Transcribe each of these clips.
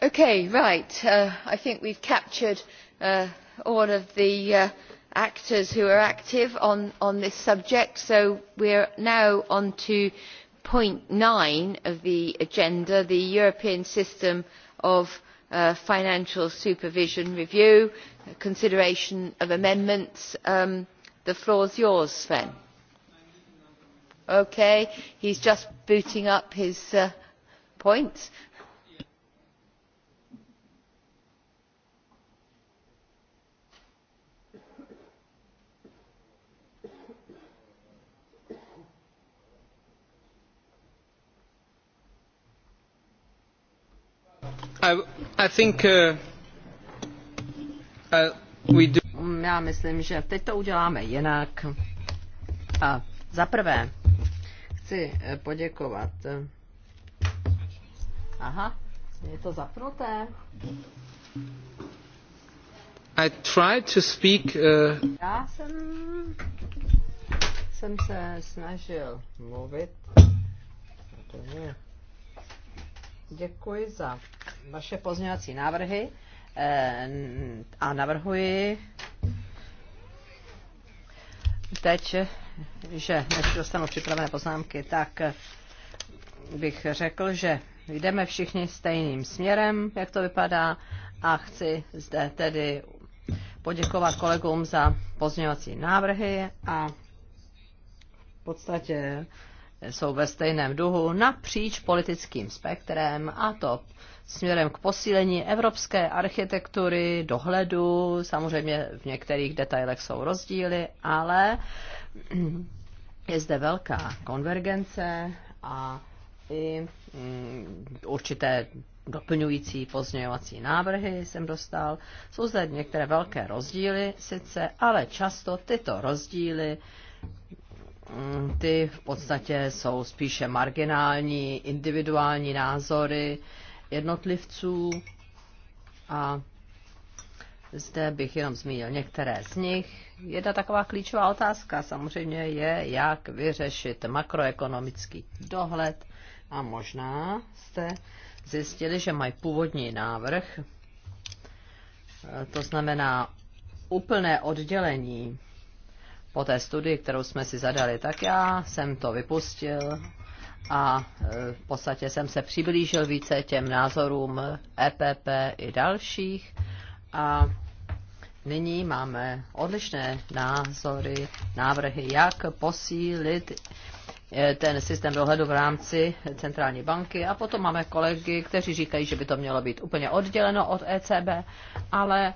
Uh, I think we have captured uh, all of the uh, actors who are active on, this subject, so we are now on to point nine of the agenda, the European System of financial supervision review consideration of amendments. Um, the floor is yours sven. okay he is just booting up his points. Uh, uh, Já myslím, že teď to uděláme jinak. A za prvé chci eh, poděkovat. Eh, aha, je to zapnuté. I tried to speak, uh... Já jsem, jsem se snažil mluvit. Protože... Děkuji za vaše pozměňovací návrhy eh, a navrhuji teď, že než dostanu připravené poznámky, tak bych řekl, že jdeme všichni stejným směrem, jak to vypadá, a chci zde tedy poděkovat kolegům za pozměňovací návrhy a v podstatě jsou ve stejném duhu napříč politickým spektrem a to směrem k posílení evropské architektury, dohledu, samozřejmě v některých detailech jsou rozdíly, ale je zde velká konvergence a i mm, určité doplňující pozměňovací návrhy jsem dostal. Jsou zde některé velké rozdíly sice, ale často tyto rozdíly Mm, ty v podstatě jsou spíše marginální, individuální názory jednotlivců a zde bych jenom zmínil některé z nich. Jedna taková klíčová otázka samozřejmě je, jak vyřešit makroekonomický dohled a možná jste zjistili, že mají původní návrh, e, to znamená úplné oddělení po té studii, kterou jsme si zadali, tak já jsem to vypustil a e, v podstatě jsem se přiblížil více těm názorům EPP i dalších a nyní máme odlišné názory, návrhy, jak posílit e, ten systém dohledu v rámci centrální banky a potom máme kolegy, kteří říkají, že by to mělo být úplně odděleno od ECB, ale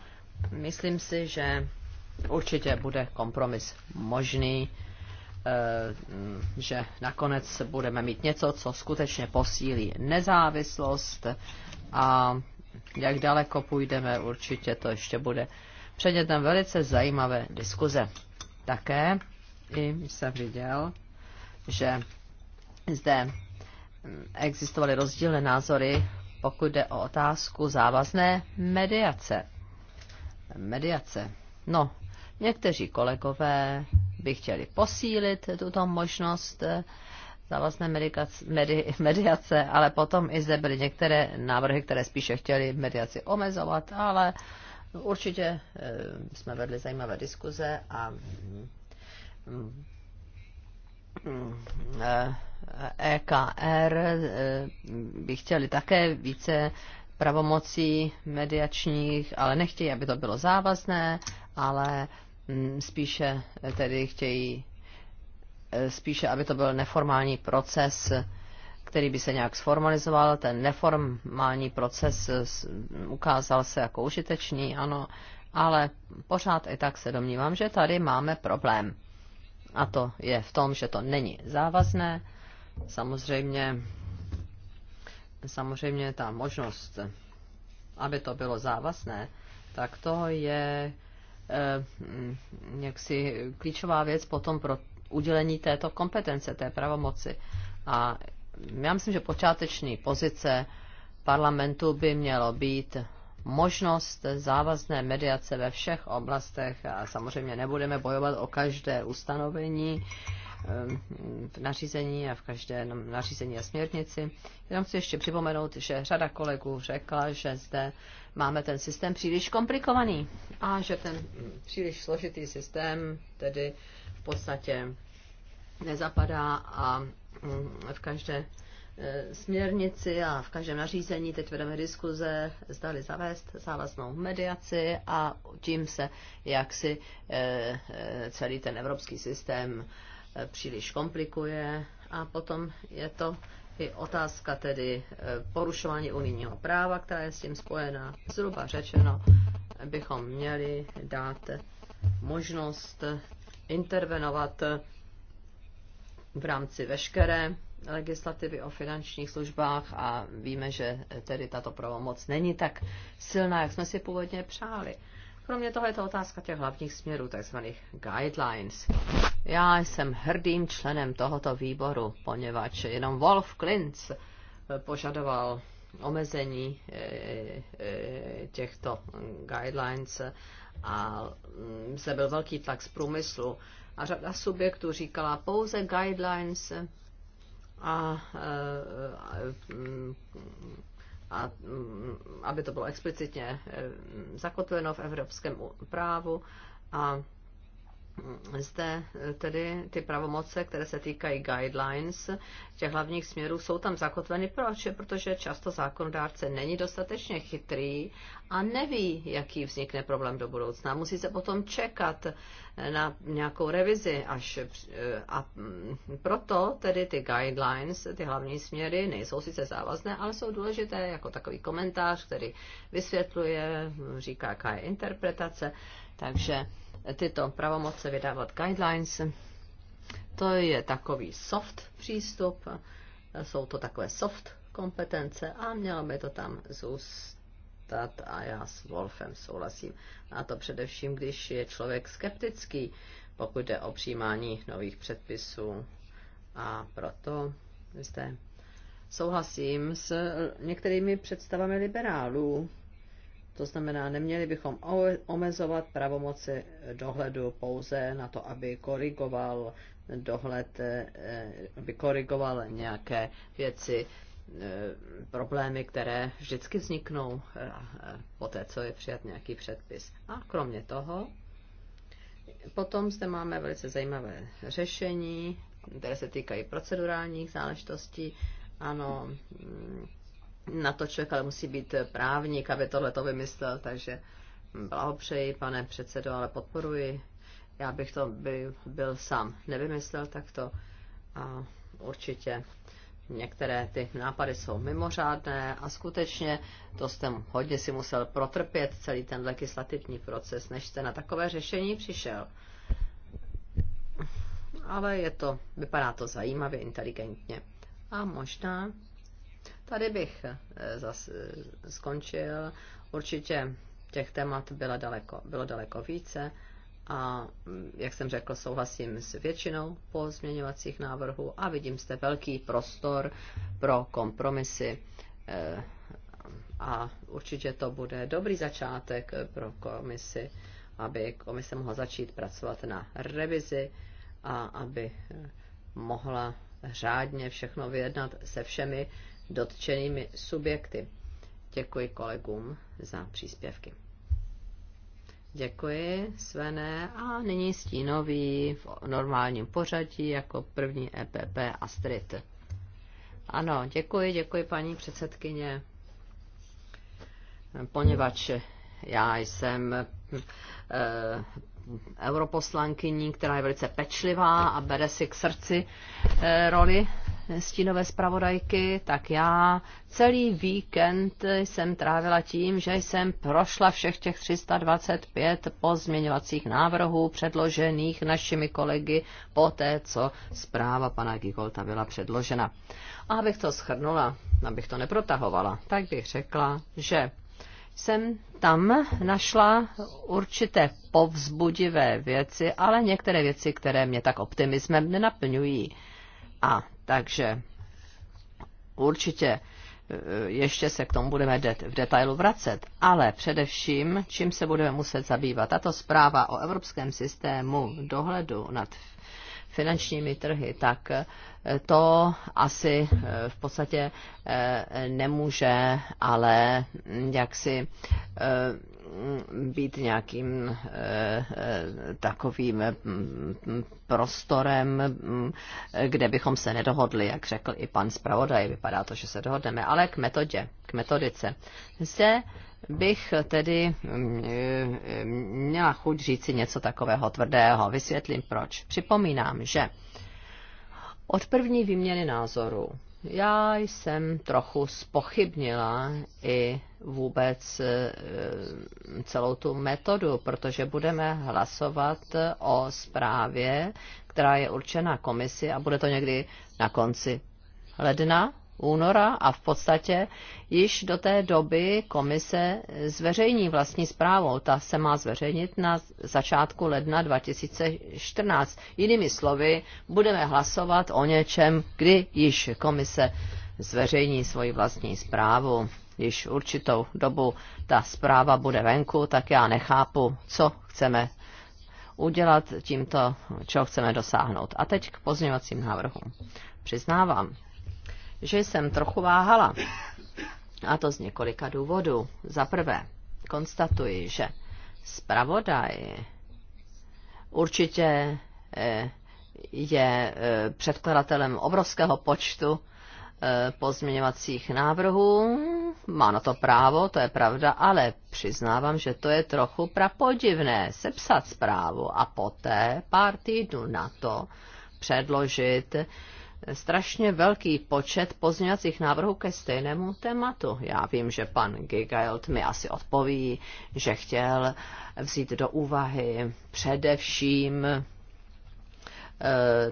myslím si, že určitě bude kompromis možný, eh, že nakonec budeme mít něco, co skutečně posílí nezávislost a jak daleko půjdeme, určitě to ještě bude předmětem velice zajímavé diskuze. Také i jsem viděl, že zde existovaly rozdílné názory, pokud jde o otázku závazné mediace. Mediace. No, Někteří kolegové by chtěli posílit tuto možnost závazné mediace, ale potom i zde byly některé návrhy, které spíše chtěli mediaci omezovat, ale určitě eh, jsme vedli zajímavé diskuze a EKR eh, e eh, by chtěli také více pravomocí mediačních, ale nechtějí, aby to bylo závazné, ale Mm, spíše eh, tedy chtějí eh, spíše, aby to byl neformální proces, který by se nějak sformalizoval. Ten neformální proces eh, mm, ukázal se jako užitečný, ano, ale pořád i tak se domnívám, že tady máme problém. A to je v tom, že to není závazné. Samozřejmě, samozřejmě ta možnost, aby to bylo závazné, tak to je Eh, mm, jaksi klíčová věc potom pro udělení této kompetence, té pravomoci. A já myslím, že počáteční pozice parlamentu by mělo být možnost závazné mediace ve všech oblastech a samozřejmě nebudeme bojovat o každé ustanovení eh, v nařízení a v každé nařízení a směrnici. Jenom chci ještě připomenout, že řada kolegů řekla, že zde máme ten systém příliš komplikovaný a že ten příliš složitý systém tedy v podstatě nezapadá a mm, v každé e, směrnici a v každém nařízení teď vedeme diskuze, zdali zavést závaznou mediaci a tím se jaksi e, e, celý ten evropský systém příliš komplikuje a potom je to i otázka tedy eh, porušování unijního práva, která je s tím spojená. Zhruba řečeno, bychom měli dát možnost intervenovat eh, v rámci veškeré legislativy o finančních službách a víme, že tedy tato pravomoc není tak silná, jak jsme si původně přáli. Pro mě tohle je to otázka těch hlavních směrů, takzvaných guidelines. Já jsem hrdým členem tohoto výboru, poněvadž jenom Wolf Klintz eh, požadoval omezení eh, eh, těchto guidelines a se mm, byl velký tlak z průmyslu a řada subjektů říkala pouze guidelines a, a, a mm, a mm, aby to bylo explicitně eh, zakotveno v evropském právu a zde eh, tedy ty pravomoce, které se týkají guidelines, těch hlavních směrů, jsou tam zakotveny. Proč? Protože často zákonodárce není dostatečně chytrý a neví, jaký vznikne problém do budoucna. Musí se potom čekat eh, na nějakou revizi až eh, a mm, proto tedy ty guidelines, ty hlavní směry nejsou sice závazné, ale jsou důležité jako takový komentář, který vysvětluje, říká, jaká je interpretace. Takže tyto pravomoce vydávat guidelines. To je takový soft přístup, jsou to takové soft kompetence a mělo by to tam zůstat a já s Wolfem souhlasím. A to především, když je člověk skeptický, pokud jde o přijímání nových předpisů. A proto zde souhlasím s některými představami liberálů, to znamená, neměli bychom omezovat pravomoci dohledu pouze na to, aby korigoval dohled, eh, aby korigoval nějaké věci, eh, problémy, které vždycky vzniknou eh, po té, co je přijat nějaký předpis. A kromě toho, potom zde máme velice zajímavé řešení, které se týkají procedurálních záležitostí. Ano, mm, na to člověk ale musí být právník, aby tohle to vymyslel, takže blahopřeji, pane předsedo, ale podporuji. Já bych to by, byl sám nevymyslel takto a určitě některé ty nápady jsou mimořádné a skutečně to jste hodně si musel protrpět celý ten legislativní proces, než jste na takové řešení přišel. Ale je to, vypadá to zajímavě, inteligentně. A možná Tady bych eh, zase eh, skončil. Určitě těch témat bylo daleko, bylo daleko více a, mm, jak jsem řekl, souhlasím s většinou pozměňovacích návrhů a vidím zde velký prostor pro kompromisy eh, a určitě to bude dobrý začátek pro komisi, aby komise mohla začít pracovat na revizi a aby mohla řádně všechno vyjednat se všemi dotčenými subjekty. Děkuji kolegům za příspěvky. Děkuji, Svené. A nyní stínový v normálním pořadí jako první EPP Astrid. Ano, děkuji, děkuji paní předsedkyně. Poněvadž já jsem eh, europoslankyní, která je velice pečlivá a bere si k srdci eh, roli stínové zpravodajky, tak já celý víkend jsem trávila tím, že jsem prošla všech těch 325 pozměňovacích návrhů předložených našimi kolegy po té, co zpráva pana Gigolta byla předložena. A abych to schrnula, abych to neprotahovala, tak bych řekla, že jsem tam našla určité povzbudivé věci, ale některé věci, které mě tak optimismem nenaplňují. A takže určitě e, ještě se k tomu budeme det, v detailu vracet, ale především, čím se budeme muset zabývat. Tato zpráva o evropském systému dohledu nad finančními trhy, tak eh, to asi eh, v podstatě eh, nemůže, ale mm, jaksi být nějakým takovým mm, prostorem, mm, kde bychom se nedohodli, jak řekl i pan zpravodaj, vypadá to, že se dohodneme, ale k metodě, k metodice. Zde bych tedy mm, eh, měla chuť říci něco takového tvrdého. Vysvětlím proč. Připomínám, že od první výměny názoru já jsem trochu spochybnila i vůbec eh, celou tu metodu, protože budeme hlasovat o zprávě, která je určena komisi a bude to někdy na konci ledna, února a v podstatě již do té doby komise zveřejní vlastní zprávou. Ta se má zveřejnit na začátku ledna 2014. Jinými slovy, budeme hlasovat o něčem, kdy již komise zveřejní svoji vlastní zprávu. Již určitou dobu ta zpráva bude venku, tak já nechápu, co chceme udělat tímto, čeho chceme dosáhnout. A teď k pozměňovacím návrhům. Přiznávám, že jsem trochu váhala. A to z několika důvodů. Za prvé, konstatuji, že zpravodaj určitě eh, je eh, předkladatelem obrovského počtu eh, pozměňovacích návrhů. Má na to právo, to je pravda, ale přiznávám, že to je trochu prapodivné sepsat zprávu a poté pár týdnů na to předložit eh, strašně velký počet pozměňovacích návrhů ke stejnému tématu. Já vím, že pan Gigaelt mi asi odpoví, že chtěl vzít do úvahy především eh,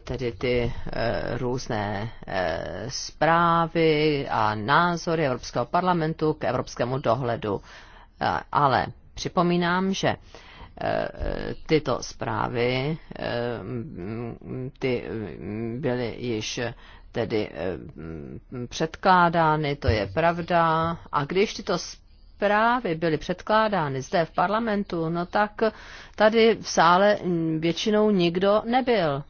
tedy ty eh, různé eh, zprávy a názory Evropského parlamentu k evropskému dohledu. Ale připomínám, že tyto zprávy eh, ty byly již tedy eh, předkládány, to je pravda. A když tyto zprávy byly předkládány zde v parlamentu, no tak tady v sále většinou nikdo nebyl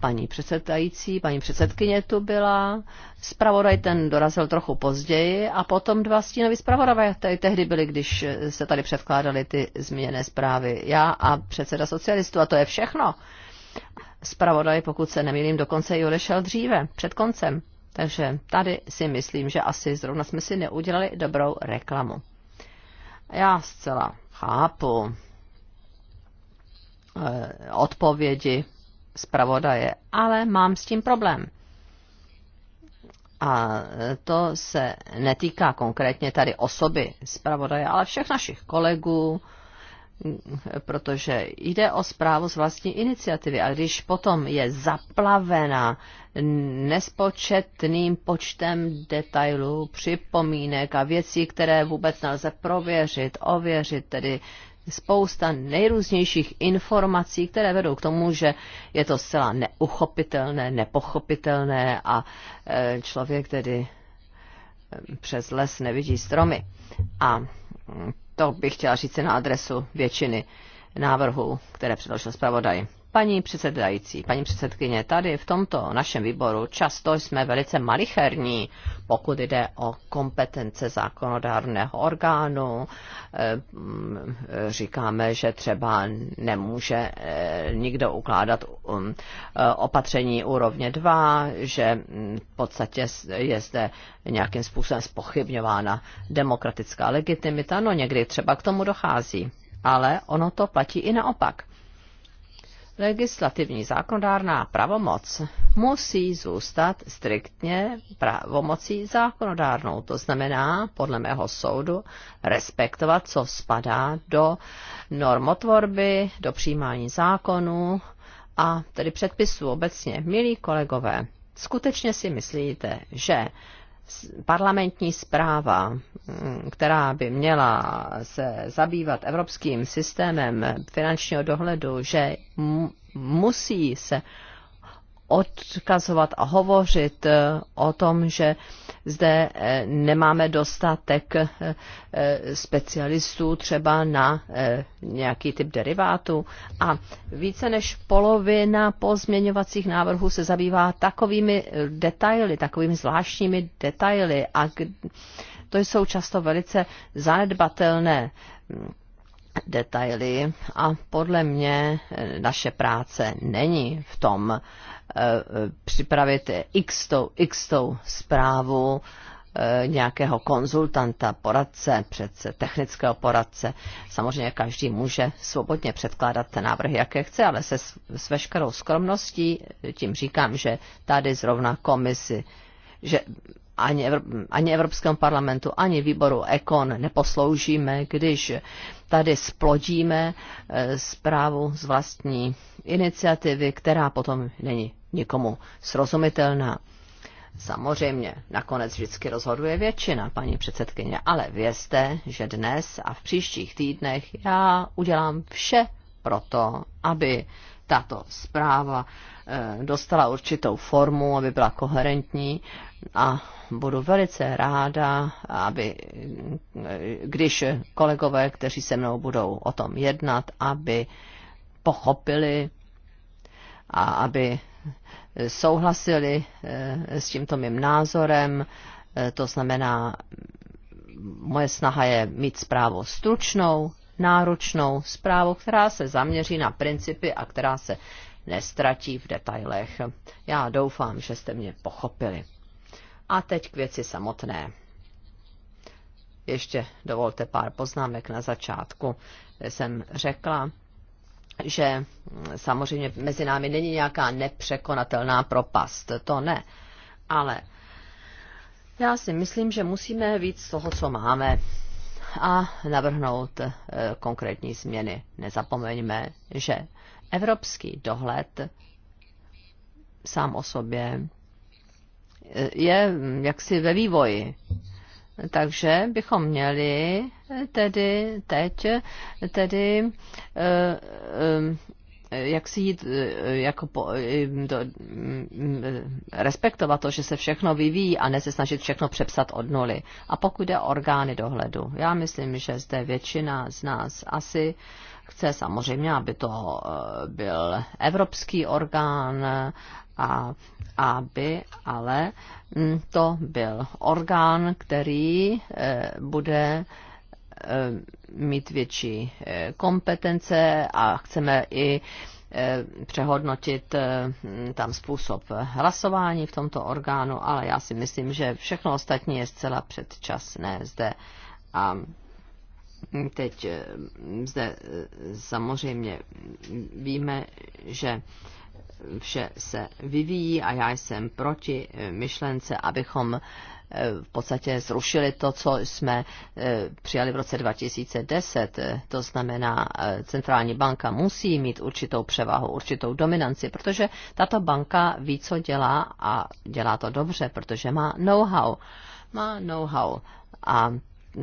paní předsedající, paní předsedkyně tu byla, zpravodaj ten dorazil trochu později a potom dva stínoví zpravodaj tehdy byli, když se tady předkládaly ty změněné zprávy. Já a předseda socialistů a to je všechno. Zpravodaj, pokud se nemýlím, dokonce i odešel dříve, před koncem. Takže tady si myslím, že asi zrovna jsme si neudělali dobrou reklamu. Já zcela chápu eh, odpovědi zpravodaje, ale mám s tím problém. A to se netýká konkrétně tady osoby zpravodaje, ale všech našich kolegů, protože jde o zprávu z vlastní iniciativy a když potom je zaplavena nespočetným počtem detailů, připomínek a věcí, které vůbec nelze prověřit, ověřit, tedy spousta nejrůznějších informací, které vedou k tomu, že je to zcela neuchopitelné, nepochopitelné a e, člověk tedy e, přes les nevidí stromy. A mm, to bych chtěla říct na adresu většiny návrhů, které předložil zpravodaj. Paní předsedající, paní předsedkyně, tady v tomto našem výboru často jsme velice malicherní, pokud jde o kompetence zákonodárného orgánu. Eh, mm, říkáme, že třeba nemůže eh, nikdo ukládat mm, eh, opatření úrovně 2, že mm, v podstatě je zde nějakým způsobem spochybňována demokratická legitimita. No někdy třeba k tomu dochází, ale ono to platí i naopak legislativní zákonodárná pravomoc musí zůstat striktně pravomocí zákonodárnou. To znamená, podle mého soudu, respektovat, co spadá do normotvorby, do přijímání zákonů a tedy předpisů obecně. Milí kolegové, skutečně si myslíte, že parlamentní zpráva, mm, která by měla se zabývat evropským systémem finančního dohledu, že musí se odkazovat a hovořit eh, o tom, že zde eh, nemáme dostatek eh, specialistů třeba na nějaký typ derivátu. A více než polovina pozměňovacích návrhů se zabývá takovými detaily, takovými zvláštními detaily a to jsou často velice zanedbatelné mm, detaily a podle mě naše práce není v tom Eh, připravit x tou, x tou zprávu eh, nějakého konzultanta, poradce, přece technického poradce. Samozřejmě každý může svobodně předkládat návrhy, jaké chce, ale se s veškerou skromností tím říkám, že tady zrovna komisi, že ani, Evrop, ani Evropskému parlamentu, ani výboru EKON neposloužíme, když tady splodíme eh, zprávu z vlastní iniciativy, která potom není nikomu srozumitelná. Samozřejmě, nakonec vždycky rozhoduje většina, paní předsedkyně, ale vězte, že dnes a v příštích týdnech já udělám vše pro to, aby tato zpráva eh, dostala určitou formu, aby byla koherentní a budu velice ráda, aby, eh, když kolegové, kteří se mnou budou o tom jednat, aby pochopili a aby souhlasili eh, s tímto mým názorem. To znamená, moje snaha je mít zprávu stručnou, náročnou zprávu, která se zaměří na principy a která se nestratí v detailech. Já doufám, že jste mě pochopili. A teď k věci samotné. Ještě dovolte pár poznámek na začátku. Jsem řekla, že samozřejmě mezi námi není nějaká nepřekonatelná propast, to ne. Ale já si myslím, že musíme víc z toho, co máme, a navrhnout eh, konkrétní změny. Nezapomeňme, že evropský dohled sám o sobě eh, je mm, jaksi ve vývoji. Takže bychom měli eh, tedy teď tedy Eh, jak si jít, eh, jako po, do, mm, eh, respektovat to, že se všechno vyvíjí a ne se snažit všechno přepsat od nuly. A pokud jde orgány dohledu, já myslím, že zde většina z nás asi chce samozřejmě, aby to byl evropský orgán a aby ale mm, to byl orgán, který bude Eh, mít větší eh, kompetence a chceme i eh, přehodnotit tam způsob hlasování v tomto orgánu, ale já si myslím, že všechno ostatní je zcela předčasné zde. A teď zde samozřejmě víme, že vše se vyvíjí a já jsem proti myšlence, abychom v podstatě zrušili to, co jsme eh, přijali v roce 2010. To znamená, eh, centrální banka musí mít určitou převahu, určitou dominanci, protože tato banka ví, co dělá a dělá to dobře, protože má know-how. Má know-how. A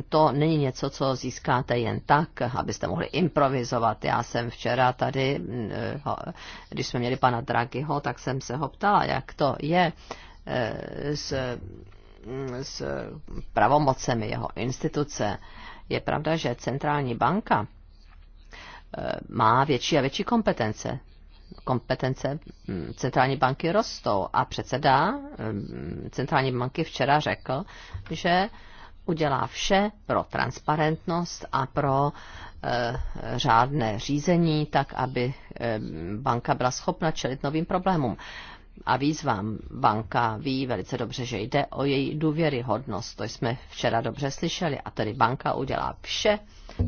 to není něco, co získáte jen tak, abyste mohli improvizovat. Já jsem včera tady, mm, eh, když jsme měli pana Draghiho, tak jsem se ho ptala, jak to je s Mm, s pravomocemi jeho instituce. Je pravda, že centrální banka eh, má větší a větší kompetence. Kompetence mm, centrální banky rostou a předseda mm, centrální banky včera řekl, že udělá vše pro transparentnost a pro e, řádné řízení, tak aby e, banka byla schopna čelit novým problémům a výzvám. Banka ví velice dobře, že jde o její důvěryhodnost. To jsme včera dobře slyšeli. A tedy banka udělá vše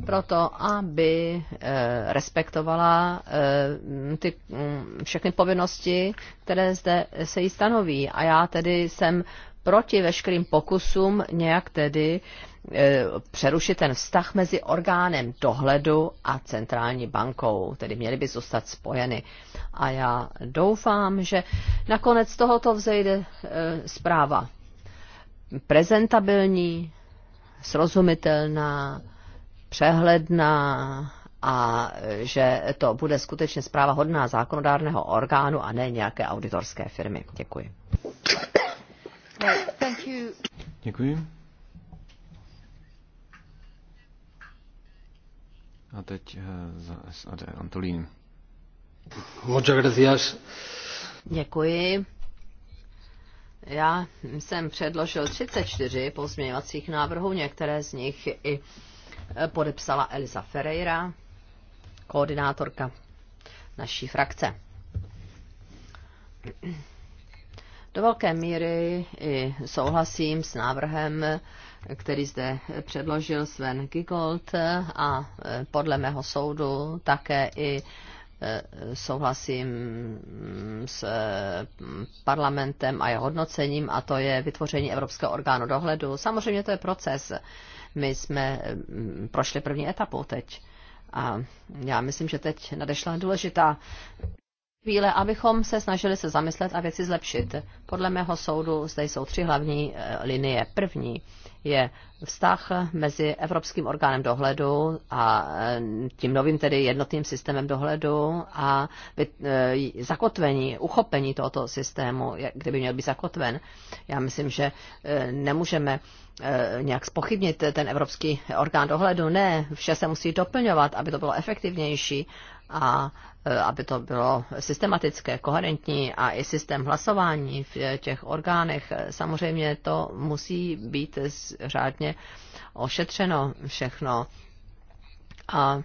pro to, aby eh, respektovala eh, ty, mm, všechny povinnosti, které zde se jí stanoví. A já tedy jsem proti veškerým pokusům nějak tedy e, přerušit ten vztah mezi orgánem dohledu a centrální bankou, tedy měly by zůstat spojeny. A já doufám, že nakonec tohoto vzejde e, zpráva prezentabilní, srozumitelná, přehledná a e, že to bude skutečně zpráva hodná zákonodárného orgánu a ne nějaké auditorské firmy. Děkuji. Děkuji. A teď eh, za SAD Antolín. Děkuji. Já jsem předložil 34 pozměňovacích návrhů, některé z nich i eh, podepsala Elisa Ferreira, koordinátorka naší frakce. Do velké míry i souhlasím s návrhem, který zde předložil Sven Gigold a e, podle mého soudu také i e, souhlasím mm, s e, parlamentem a jeho hodnocením, a to je vytvoření Evropského orgánu dohledu. Samozřejmě to je proces. My jsme mm, prošli první etapu teď. A já myslím, že teď nadešla důležitá chvíle, abychom se snažili se zamyslet a věci zlepšit. Podle mého soudu zde jsou tři hlavní eh, linie. První je vztah mezi Evropským orgánem dohledu a eh, tím novým tedy jednotným systémem dohledu a eh, zakotvení, uchopení tohoto systému, kdyby měl být zakotven. Já myslím, že nemůžeme nějak spochybnit ten Evropský orgán dohledu. Ne, vše se musí doplňovat, aby to bylo efektivnější a Eh, aby to bylo systematické, koherentní a i systém hlasování v těch orgánech. Samozřejmě to musí být řádně ošetřeno všechno. A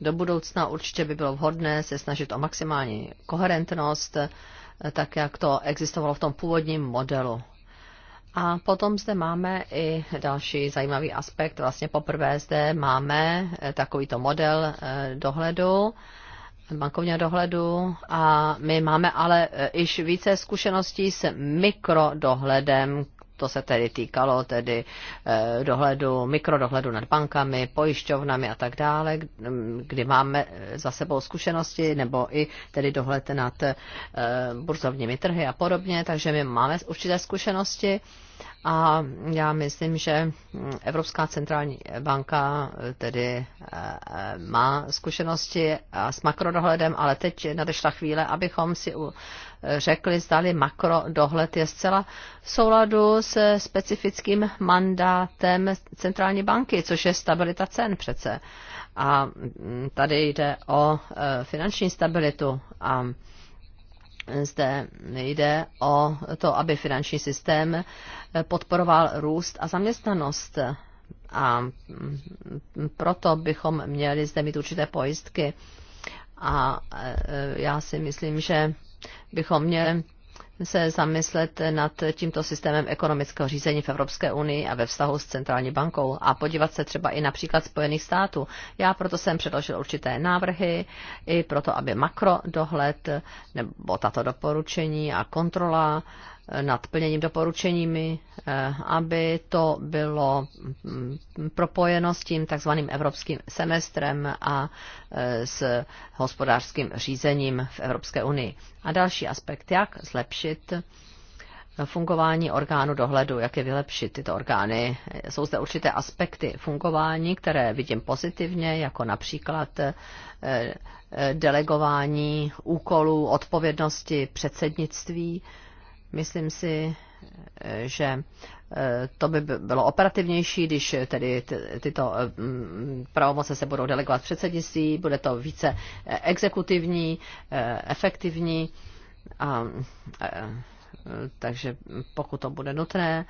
do budoucna určitě by bylo vhodné se snažit o maximální koherentnost, eh, tak jak to existovalo v tom původním modelu. A potom zde máme i další zajímavý aspekt. Vlastně poprvé zde máme eh, takovýto model dohledu bankovního dohledu a my máme ale eh, již více zkušeností s mikrodohledem, to se tedy týkalo tedy eh, dohledu, mikrodohledu nad bankami, pojišťovnami a tak dále, kdy máme eh, za sebou zkušenosti nebo i tedy dohled nad burzovními trhy a podobně, takže my máme určité zkušenosti a já myslím, že Evropská centrální banka tedy eh, má zkušenosti s makrodohledem, ale teď nadešla chvíle, abychom si řekli, zdali makrodohled je zcela v souladu se specifickým mandátem centrální banky, což je stabilita cen přece. A mm, tady jde o eh, finanční stabilitu a zde jde o to, aby finanční systém podporoval růst a zaměstnanost. A proto bychom měli zde mít určité pojistky. A e, já si myslím, že bychom měli se zamyslet nad tímto systémem ekonomického řízení v Evropské unii a ve vztahu s centrální bankou a podívat se třeba i například Spojených států. Já proto jsem předložil určité návrhy i proto, aby makrodohled nebo tato doporučení a kontrola nad plněním doporučeními, eh, aby to bylo mm, propojeno s tím takzvaným evropským semestrem a eh, s hospodářským řízením v Evropské unii. A další aspekt, jak zlepšit fungování orgánu dohledu, jak je vylepšit tyto orgány. Jsou zde určité aspekty fungování, které vidím pozitivně, jako například eh, delegování úkolů, odpovědnosti, předsednictví Myslím si, že eh, to by bylo operativnější, když eh, tedy tyto eh, mm, pravomoce se budou delegovat předsednictví, bude to více exekutivní, efektivní. A, a, takže pokud to bude nutné,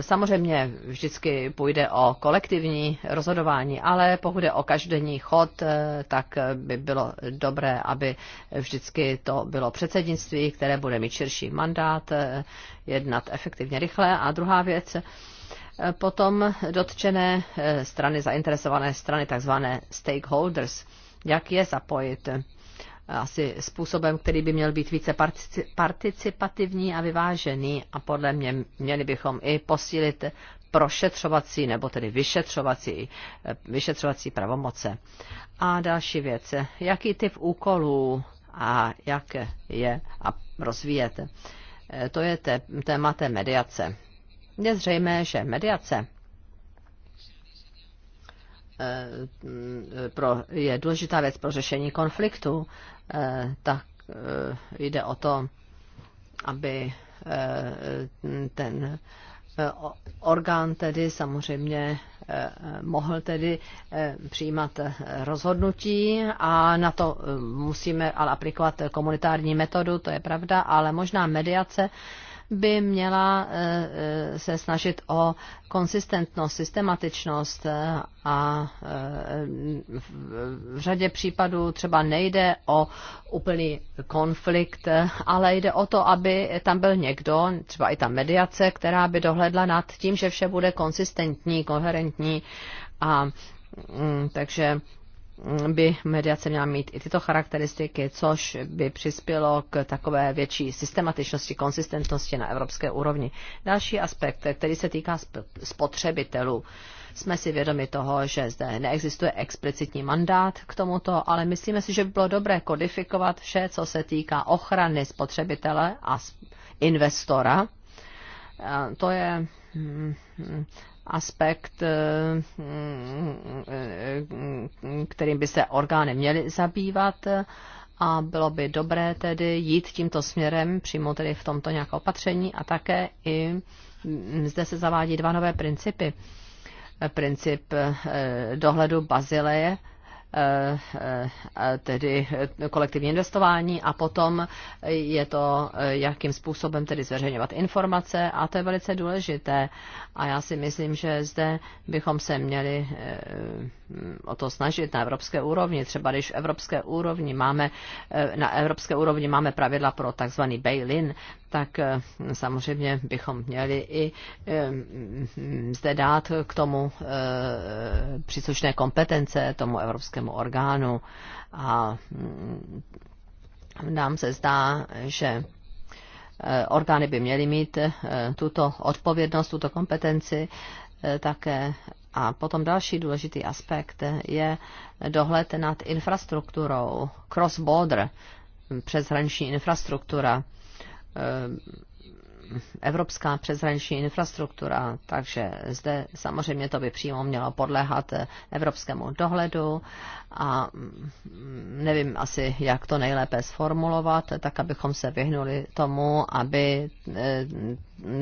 Samozřejmě vždycky půjde o kolektivní rozhodování, ale pokud je o každodenní chod, eh, tak by bylo dobré, aby vždycky to bylo předsednictví, které bude mít širší mandát, eh, jednat efektivně rychle. A druhá věc, eh, potom dotčené strany, zainteresované strany, takzvané stakeholders, jak je zapojit asi způsobem, který by měl být více participativní a vyvážený a podle mě měli bychom i posílit prošetřovací nebo tedy vyšetřovací, eh, vyšetřovací pravomoce. A další věc, jaký typ úkolů a jak je a rozvíjet. Eh, to je té, téma té mediace. Je zřejmé, že mediace eh, pro, je důležitá věc pro řešení konfliktu Eh, tak eh, jde o to, aby eh, ten orgán tedy samozřejmě mohl tedy přijímat rozhodnutí a na to musíme ale aplikovat komunitární metodu, to je pravda, ale možná mediace by měla eh, eh, se snažit o konsistentnost, systematičnost eh, a v řadě případů třeba nejde o úplný konflikt, ale jde o to, aby tam byl někdo, třeba i ta mediace, která by dohledla nad tím, že vše bude konsistentní, koherentní a mm, takže by mediace měla mít i tyto charakteristiky, což by přispělo k takové větší systematičnosti, konsistentnosti na evropské úrovni. Další aspekt, který se týká spotřebitelů. Jsme si vědomi toho, že zde neexistuje explicitní mandát k tomuto, ale myslíme si, že by bylo dobré kodifikovat vše, co se týká ochrany spotřebitele a investora. To je hmm, aspekt, eh, mm, kterým by se orgány měly zabývat a bylo by dobré tedy jít tímto směrem, přímo tedy v tomto nějaké opatření a také i mm, zde se zavádí dva nové principy. Princip eh, dohledu Bazileje, eh, tedy kolektivní investování a potom je to, jakým způsobem tedy zveřejňovat informace a to je velice důležité a já si myslím, že zde bychom se měli eh, o to snažit na evropské úrovni. Třeba když v evropské úrovni máme, eh, na evropské úrovni máme pravidla pro takzvaný bail-in, tak eh, samozřejmě bychom měli i zde dát k tomu příslušné kompetence tomu evropskému orgánu. A mm, nám se zdá, že Eh, orgány by měly mít eh, tuto odpovědnost, tuto kompetenci eh, také. A potom další důležitý aspekt je dohled nad infrastrukturou, cross-border, hm, přeshraniční infrastruktura, evropská přeshraniční infrastruktura, takže zde samozřejmě to by přímo mělo podléhat evropskému dohledu a mm, nevím asi, jak to nejlépe sformulovat, tak abychom se vyhnuli tomu, aby e,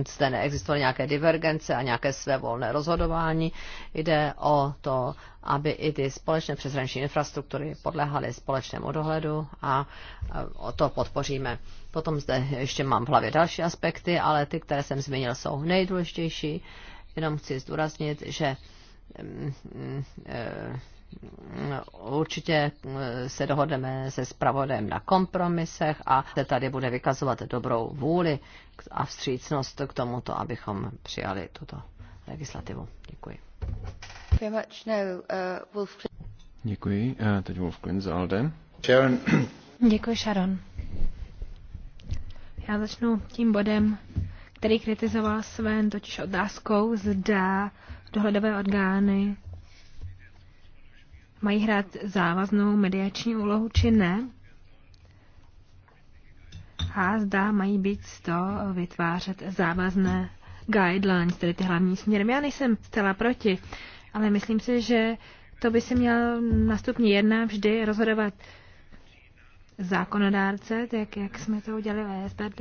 zde neexistovaly nějaké divergence a nějaké své volné rozhodování. Jde o to, aby i ty společné přeshraniční infrastruktury podléhaly společnému dohledu a e, o to podpoříme. Potom zde ještě mám v hlavě další aspekty, ale ty, které jsem zmínil, jsou nejdůležitější. Jenom chci zdůraznit, že mm, mm, e, Určitě eh, se dohodneme se spravodem na kompromisech a se tady bude vykazovat dobrou vůli a vstřícnost k tomuto, abychom přijali tuto legislativu. Děkuji. No, uh, Děkuji. Eh, teď Wolf Klin za Sharon. Děkuji, Sharon. Já začnu tím bodem, který kritizoval Sven, totiž otázkou, zda dohledové orgány mají hrát závaznou mediační úlohu či ne? A zda mají být z toho vytvářet závazné guidelines, tedy ty hlavní směry. Já nejsem zcela proti, ale myslím si, že to by si měl nastupně jedna vždy rozhodovat zákonodárce, tak jak jsme to udělali ve SBD.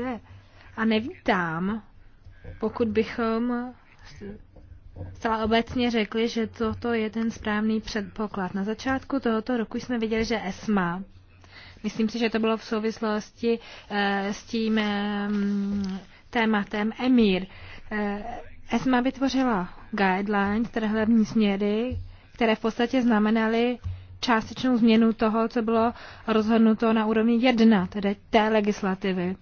A nevítám, pokud bychom zcela obecně řekli, že toto je ten správný předpoklad. Na začátku tohoto roku jsme viděli, že ESMA, myslím si, že to bylo v souvislosti eh, s tím ehm, tématem EMIR, eh, ESMA vytvořila guidelines, které hlavní směry, které v podstatě znamenaly částečnou změnu toho, co bylo rozhodnuto na úrovni jedna, tedy té legislativy.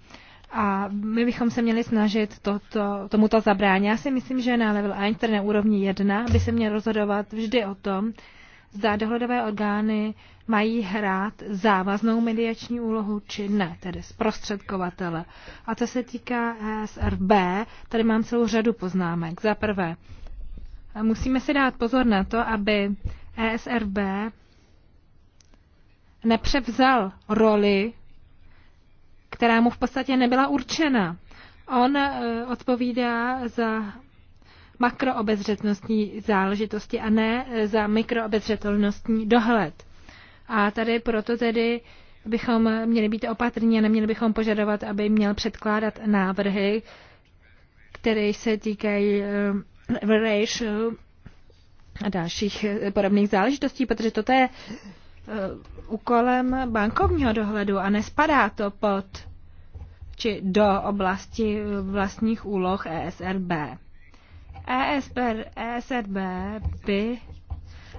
A my bychom se měli snažit to, to, tomuto zabránit. Já si myslím, že na level 1, tedy na úrovni 1, by se měl rozhodovat vždy o tom, zda dohledové orgány mají hrát závaznou mediační úlohu či ne, tedy zprostředkovatele. A co se týká SRB, tady mám celou řadu poznámek. Za prvé, musíme si dát pozor na to, aby ESRB nepřevzal roli která mu v podstatě nebyla určena. On eh, odpovídá za makroobezřetnostní záležitosti a ne eh, za mikroobezřetnostní dohled. A tady proto tedy bychom měli být opatrní a neměli bychom požadovat, aby měl předkládat návrhy, které se týkají eh, ratio a dalších podobných záležitostí, protože toto je Eh, úkolem bankovního dohledu a nespadá to pod či do oblasti vlastních úloh ESRB. ESR, ESRB by,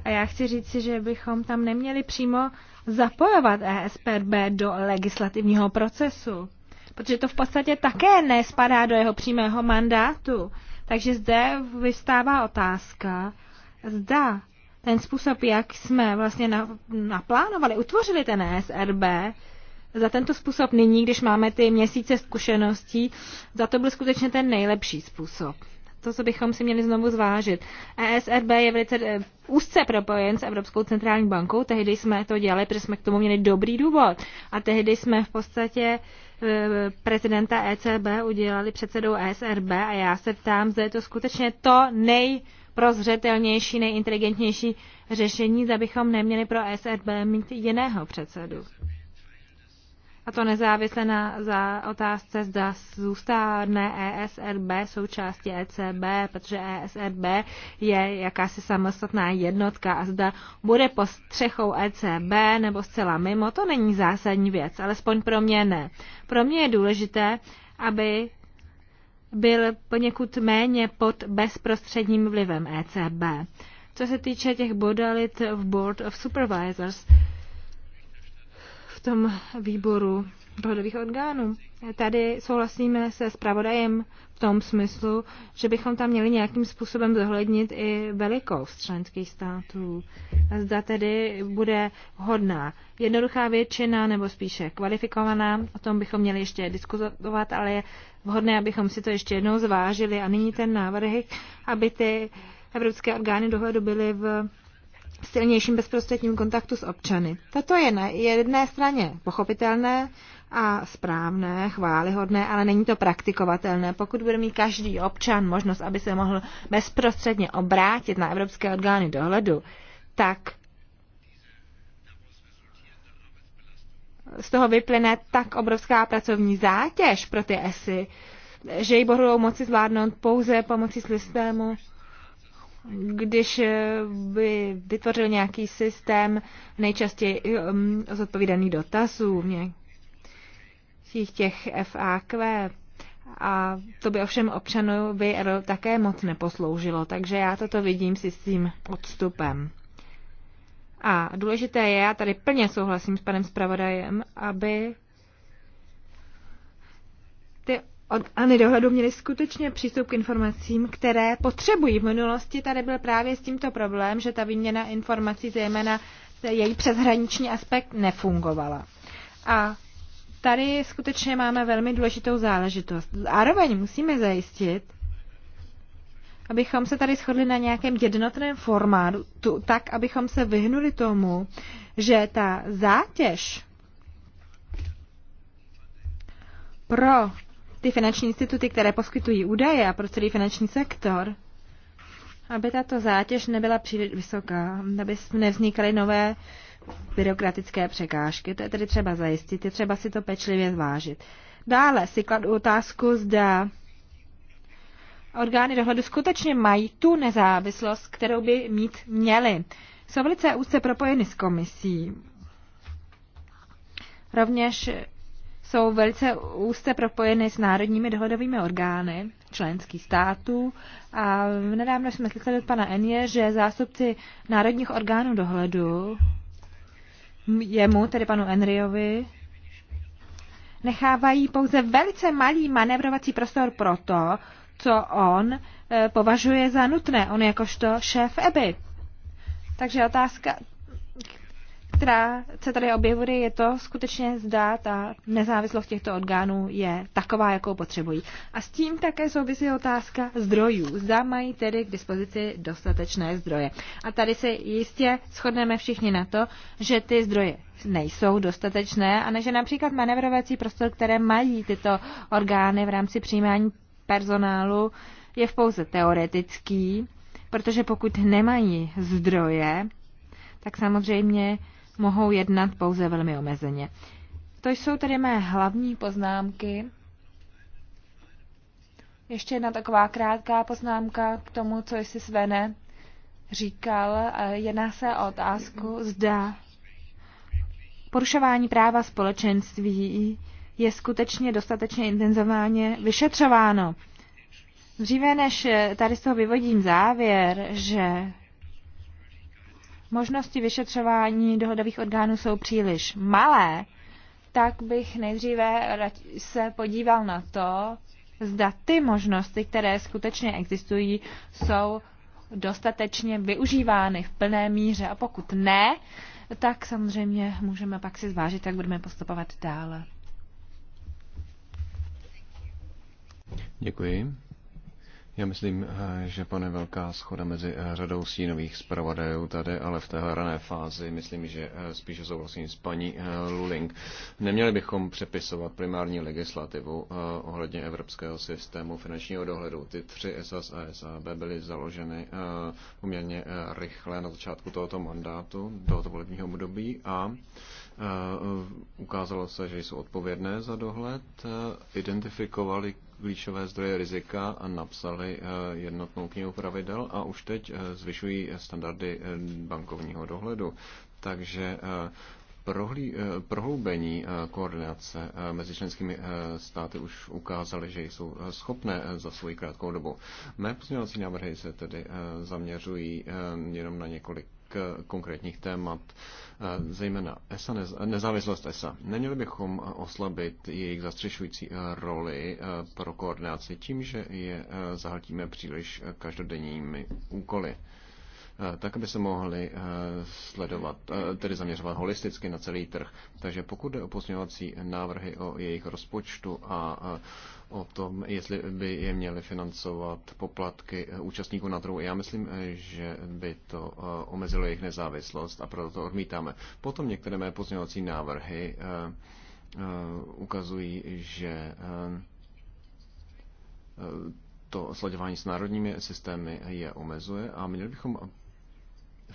a já chci říct si, že bychom tam neměli přímo zapojovat ESRB do legislativního procesu, protože to v podstatě také nespadá do jeho přímého mandátu. Takže zde vystává otázka, zda ten způsob, jak jsme vlastně naplánovali, utvořili ten SRB za tento způsob nyní, když máme ty měsíce zkušeností, za to byl skutečně ten nejlepší způsob. To, co bychom si měli znovu zvážit. ESRB je velice e, úzce propojen s Evropskou centrální bankou. Tehdy jsme to dělali, protože jsme k tomu měli dobrý důvod. A tehdy jsme v podstatě e, prezidenta ECB udělali předsedou ESRB a já se ptám, zda je to skutečně to nej prozřetelnější, nejinteligentnější řešení, zda bychom neměli pro SRB mít jiného předsedu. A to nezávisle na za otázce, zda zůstane ESRB součástí ECB, protože ESRB je jakási samostatná jednotka a zda bude pod střechou ECB nebo zcela mimo, to není zásadní věc, alespoň pro mě ne. Pro mě je důležité, aby byl poněkud méně pod bezprostředním vlivem ECB. Co se týče těch bodalit v Board of Supervisors, v tom výboru bodových orgánů. Tady souhlasíme se zpravodajem v tom smyslu, že bychom tam měli nějakým způsobem zohlednit i velikost členských států. Zda tedy bude hodná jednoduchá většina nebo spíše kvalifikovaná, o tom bychom měli ještě diskutovat, ale je vhodné, abychom si to ještě jednou zvážili. A nyní ten návrh, aby ty evropské orgány dohledu byly v silnějším bezprostředním kontaktu s občany. Toto je na jedné straně pochopitelné a správné, chválihodné, ale není to praktikovatelné. Pokud bude mít každý občan možnost, aby se mohl bezprostředně obrátit na evropské orgány dohledu, tak z toho vyplyne tak obrovská pracovní zátěž pro ty ESY, že ji budou moci zvládnout pouze pomocí systému, když eh, by vytvořil nějaký systém nejčastěji mm, zodpovídaný dotazů, těch FAQ. A to by ovšem občanovi by také moc neposloužilo, takže já toto vidím si s tím odstupem. A důležité je, já tady plně souhlasím s panem zpravodajem, aby ty ani dohledu měly skutečně přístup k informacím, které potřebují. V minulosti tady byl právě s tímto problém, že ta výměna informací, zejména její přeshraniční aspekt, nefungovala. A tady skutečně máme velmi důležitou záležitost. Zároveň musíme zajistit, abychom se tady shodli na nějakém jednotném formátu, tak abychom se vyhnuli tomu, že ta zátěž pro ty finanční instituty, které poskytují údaje a pro celý finanční sektor, aby tato zátěž nebyla příliš vysoká, aby nevznikaly nové byrokratické překážky. To je tedy třeba zajistit, je třeba si to pečlivě zvážit. Dále si kladu otázku, zda orgány dohledu skutečně mají tu nezávislost, kterou by mít měly. Jsou velice úzce propojeny s komisí. Rovněž jsou velice úzce propojeny s národními dohledovými orgány členských států. A nedávno jsme slyšeli od pana Enie, že zástupci národních orgánů dohledu jemu, tedy panu Enriovi, nechávají pouze velice malý manevrovací prostor pro to, co on e, považuje za nutné, on jakožto šéf EBY. Takže otázka, která se tady objevuje, je to skutečně zda ta nezávislost těchto orgánů je taková, jakou potřebují. A s tím také souvisí otázka zdrojů. Zda mají tedy k dispozici dostatečné zdroje. A tady se jistě shodneme všichni na to, že ty zdroje nejsou dostatečné a že například manevrovací prostor, které mají tyto orgány v rámci přijímání personálu je v pouze teoretický, protože pokud nemají zdroje, tak samozřejmě mohou jednat pouze velmi omezeně. To jsou tedy mé hlavní poznámky. Ještě jedna taková krátká poznámka k tomu, co jsi Svene říkal. Jedná se o otázku, zda porušování práva společenství je skutečně dostatečně intenzivně vyšetřováno. Dříve než tady z toho vyvodím závěr, že možnosti vyšetřování dohodových orgánů jsou příliš malé, tak bych nejdříve se podíval na to, zda ty možnosti, které skutečně existují, jsou dostatečně využívány v plné míře. A pokud ne, tak samozřejmě můžeme pak si zvážit, jak budeme postupovat dále. Děkuji. Já myslím, eh, že pane velká schoda mezi eh, řadou sínových zpravodajů tady, ale v té rané fázi myslím, že eh, spíše souhlasím s paní Luling. Neměli bychom přepisovat primární legislativu ohledně evropského systému finančního dohledu. Ty tři SAS a SAB byly založeny poměrně rychle na začátku tohoto mandátu, tohoto volebního období a ukázalo se, že jsou odpovědné za dohled, identifikovali klíčové zdroje rizika a napsali eh, jednotnou knihu pravidel a už teď eh, zvyšují standardy eh, bankovního dohledu. Takže prohloubení koordinace mezi členskými státy už ukázaly, že jsou schopné za svoji krátkou dobu. Mé pozměňovací návrhy se tedy zaměřují jenom na několik konkrétních témat, eh, zejména ESA, nezávislost ESA. Neměli bychom oslabit jejich zastřešující eh, roli eh, pro koordinaci tím, že je zahltíme příliš každodenními úkoly. Eh, tak aby se mohli eh, sledovat, eh, tedy zaměřovat holisticky na celý trh. Takže pokud jde o pozměňovací návrhy o jejich rozpočtu a o tom, jestli by je měly financovat poplatky účastníků na trhu. Já myslím, že by to omezilo jejich nezávislost a proto to odmítáme. Potom některé mé pozměňovací návrhy ukazují, že to sledování s národními systémy je omezuje a měli bychom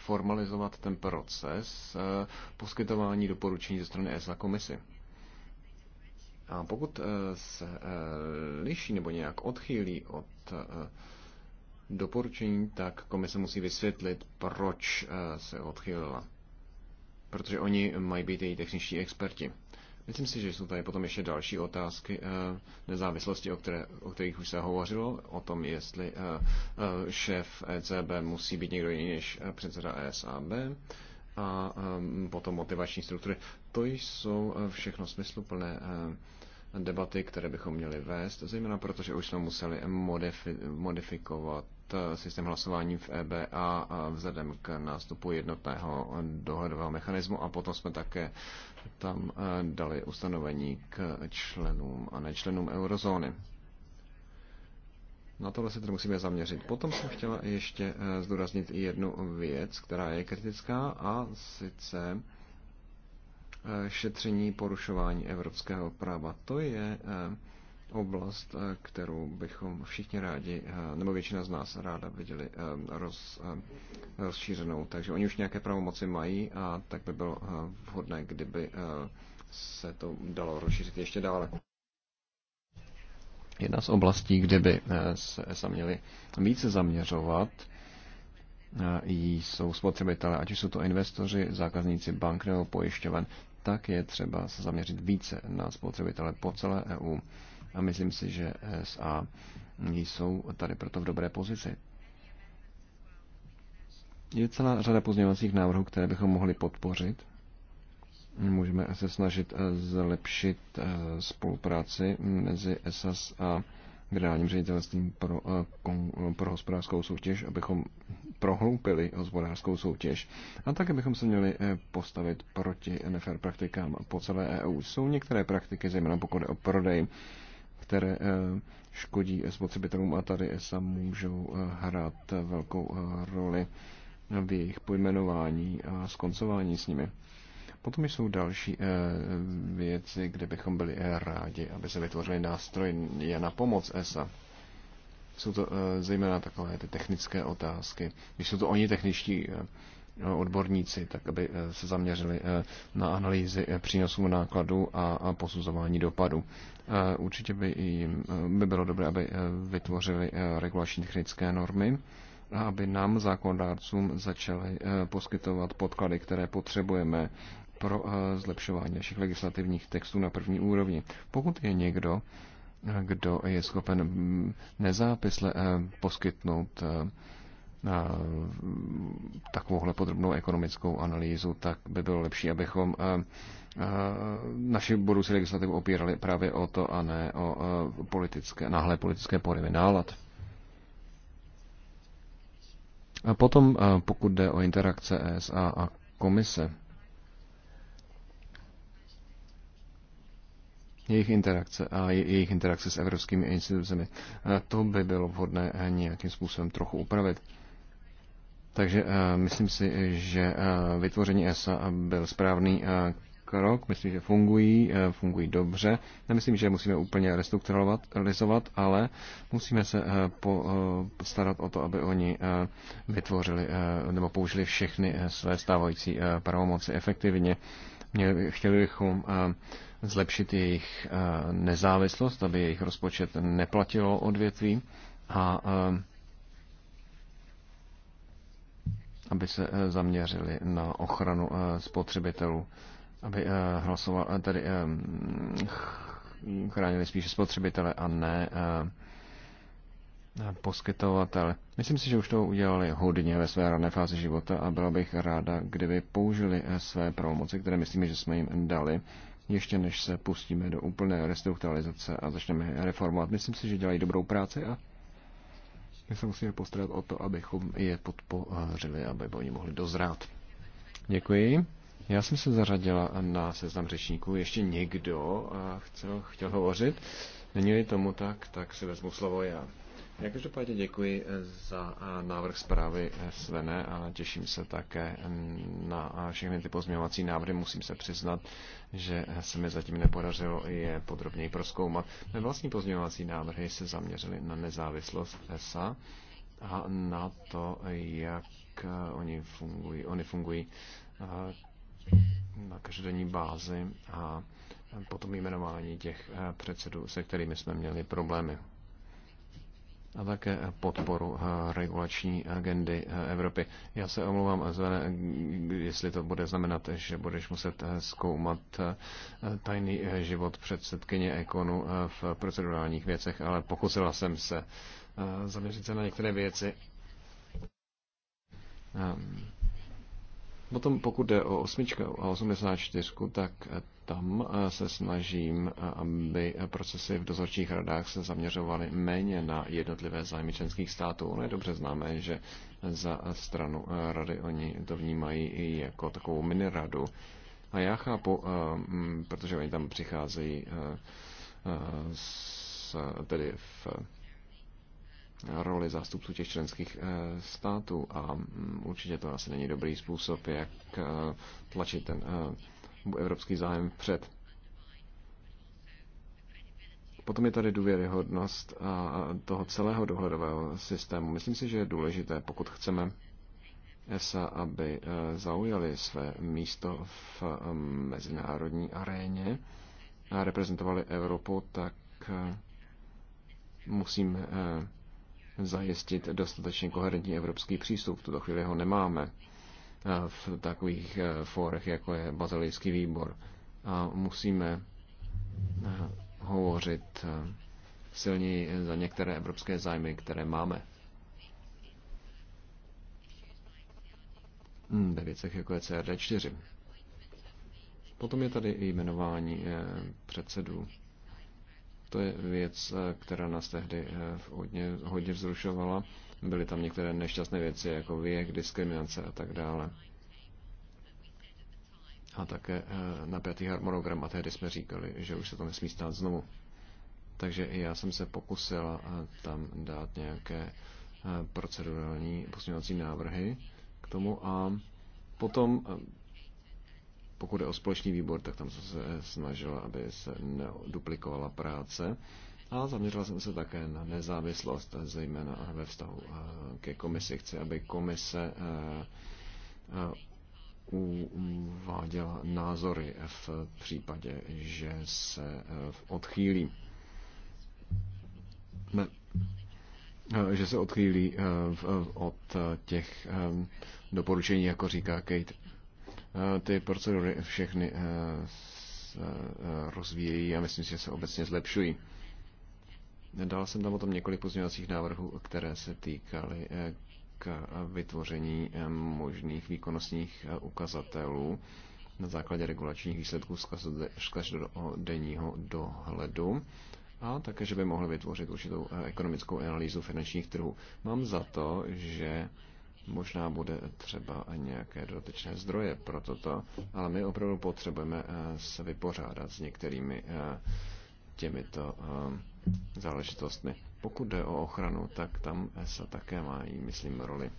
formalizovat ten proces eh, poskytování doporučení ze strany ESA komisi. A pokud eh, se eh, liší nebo nějak odchýlí od doporučení, tak komise musí vysvětlit, proč se odchýlila. Protože oni mají být její techničtí experti. Myslím si, že jsou tady potom ještě další otázky eh, nezávislosti, o, které, o kterých už se hovořilo, o tom, jestli eh, eh, šéf ECB musí být někdo jiný než předseda ESAB a potom motivační struktury. To jsou všechno smysluplné debaty, které bychom měli vést, zejména protože už jsme museli modifi- modifikovat Eh, systém hlasování v EBA eh, vzhledem k nástupu jednotného dohodového mechanismu a potom jsme také tam eh, dali ustanovení k členům a nečlenům eurozóny. Na tohle se tedy musíme zaměřit. Potom jsem chtěla ještě zdůraznit jednu věc, která je kritická a sice šetření porušování evropského práva. To je oblast, eh, kterou bychom všichni rádi, eh, nebo většina z nás ráda viděli eh, roz, rozšířenou. Takže oni už nějaké pravomoci mají a tak by bylo vhodné, kdyby se to dalo rozšířit ještě dále. Jedna z oblastí, kde by se ESA měli více zaměřovat, jsou spotřebitelé, ať už jsou to investoři, zákazníci bank nebo pojišťoven, tak je třeba se zaměřit více na spotřebitele po celé EU a myslím si, že SA jsou tady proto v dobré pozici. Je celá řada pozměňovacích návrhů, které bychom mohli podpořit. Můžeme se snažit eh, zlepšit eh, spolupráci mezi SAS a generálním ředitelstvím pro, eh, pro hospodářskou soutěž, abychom prohloupili hospodářskou soutěž. A také bychom se měli postavit proti NFR praktikám po celé EU. Jsou některé praktiky, zejména pokud je o prodej které eh, škodí spotřebitelům a tady ESA můžou eh, hrát velkou eh, roli v jejich pojmenování a skoncování s nimi. Potom jsou další věci, kde bychom byli rádi, aby se vytvořili nástroje na pomoc ESA. Jsou to zejména takové ty technické otázky. Když jsou to oni techničtí odborníci, tak aby eh, se zaměřili eh, na analýzy eh, přínosů nákladů a posuzování dopadu. Určitě by, jim, by bylo dobré, aby vytvořili regulační technické normy, a aby nám zákonodárcům začaly poskytovat podklady, které potřebujeme pro zlepšování našich legislativních textů na první úrovni. Pokud je někdo, kdo je schopen mm, nezápisle poskytnout Mm, takovouhle podrobnou ekonomickou analýzu, tak by bylo lepší, abychom naši budoucí legislativu opírali právě o to a ne o politické, náhle politické poryvy nálad. A potom, pokud jde o interakce ESA a komise, jejich interakce a jejich interakce s evropskými institucemi. To by bylo vhodné nějakým způsobem trochu upravit. Takže eh, myslím si, že eh, vytvoření ESA byl správný eh, krok, myslím, že fungují, fungují dobře. Nemyslím, že musíme úplně restrukturalizovat, ale musíme se postarat o to, aby oni vytvořili nebo použili všechny své stávající pravomoci efektivně. Měli, chtěli bychom zlepšit jejich nezávislost, aby jejich rozpočet neplatilo odvětví a aby se eh, zaměřili na ochranu eh, spotřebitelů, aby eh, hlasoval, tedy ehm, chránili spíše spotřebitele a ne poskytovatele. Myslím si, že už to udělali hodně ve své rané fázi života a byla bych ráda, kdyby použili své pravomoci, které myslím, že jsme jim dali, ještě než se pustíme do úplné restrukturalizace a začneme reformovat. Myslím si, že dělají dobrou práci a my se musíme postarat o to, abychom je podpořili, aby oni mohli dozrát. Děkuji. Já jsem se zařadila na seznam řečníků. Ještě někdo eh, chcel, chtěl hovořit? Není-li tomu tak, tak si vezmu slovo já. Já každopádně děkuji eh, za eh, návrh zprávy eh, Svene a těším se také mm, na všechny ty pozměňovací návrhy. Musím se přiznat, že se mi zatím nepodařilo je podrobněji proskoumat. Mé vlastní pozměňovací návrhy se zaměřily na nezávislost ESA a na to, jak oni fungují, oni fungují na každodenní bázi a potom jmenování těch předsedů, se kterými jsme měli problémy a také podporu eh, regulační agendy eh, Evropy. Já se omlouvám, Zvene, jestli to bude znamenat, že budeš muset eh, zkoumat tajný život předsedkyně Ekonu v procedurálních věcech, ale pokusila jsem se zaměřit se na některé věci. Ehm, potom pokud jde o 8 a 84, tak tam eh, se snažím, eh, aby procesy v dozorčích radách se zaměřovaly méně na jednotlivé zájmy členských států. Ono je dobře známé, že za stranu eh, rady oni to vnímají i jako takovou radu. A já chápu, protože oni tam přicházejí s, tedy v roli zástupců těch členských států a mm, určitě to asi není dobrý způsob, jak tlačit ten evropský zájem před. Potom je tady důvěryhodnost a toho celého dohledového systému. Myslím si, že je důležité, pokud chceme ESA, aby e, zaujali své místo v mezinárodní aréně a reprezentovali Evropu, tak e, musím e, zajistit dostatečně koherentní evropský přístup. V tuto chvíli ho nemáme. Eh, v takových eh, fórech, jako je Bazilijský výbor. A musíme eh, hovořit silněji za některé evropské zájmy, které máme. Hm, ve věcech, jako je CRD4. Potom je tady i jmenování předsedů. To je věc, která nás tehdy hodně, hodně vzrušovala. Byly tam některé nešťastné věci, jako věk, diskriminace a tak dále. A také eh, napjatý harmonogram. A tehdy jsme říkali, že už se to nesmí stát znovu. Takže i já jsem se pokusila eh, tam dát nějaké eh, procedurální posměvací návrhy k tomu a potom pokud je o společný výbor, tak tam se snažila, aby se neduplikovala práce a zaměřil jsem se také na nezávislost, zejména ve vztahu eh, ke komisi. Chci, aby komise eh, uváděla názory v případě, že se eh, odchýlí. Ne, že se odchýlí od těch doporučení, jako říká Kate. Ty procedury všechny rozvíjejí a myslím, že se obecně zlepšují. Dal jsem tam o tom několik pozměňovacích návrhů, které se týkaly eh, k vytvoření eh, možných výkonnostních eh, ukazatelů na základě regulačních výsledků z každodenního dohledu a také, že by mohl vytvořit určitou ekonomickou analýzu finančních trhů. Mám za to, že možná bude třeba nějaké dodatečné zdroje pro toto, ale my opravdu potřebujeme se vypořádat s některými těmito záležitostmi. Pokud jde o ochranu, tak tam ESA také má, myslím, roli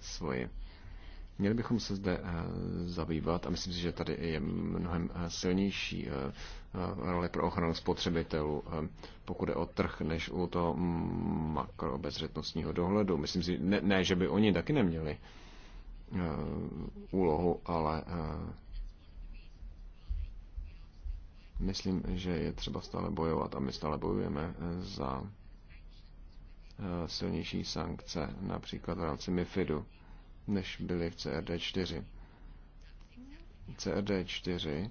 svoji. Měli bychom se zde eh, zabývat a myslím si, že tady je mnohem eh, silnější eh, role pro ochranu spotřebitelů, pokud je o trh, než u toho makroobezřetnostního dohledu. Myslím si, ne, ne že by oni taky neměli úlohu, ale Myslím, že je třeba stále bojovat a my stále bojujeme za eh, silnější sankce, například v rámci MIFIDu, než byly v CRD4. CRD4,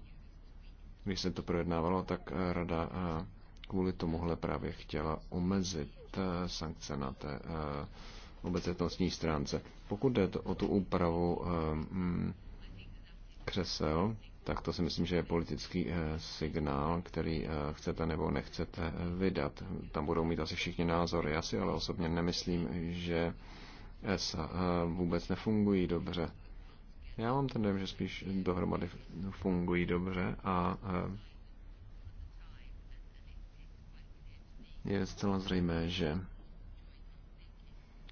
když se to projednávalo, tak eh, rada eh, kvůli tomuhle právě chtěla omezit sankce na té obecnostní stránce. Pokud jde o tu úpravu mm, křesel, tak to si myslím, že je politický eh, signál, který eh, chcete nebo nechcete eh, vydat. Tam budou mít asi všichni názory. Já si ale osobně nemyslím, že ESA vůbec nefungují dobře. Já mám ten dojem, že spíš dohromady fungují dobře a je zcela zřejmé, že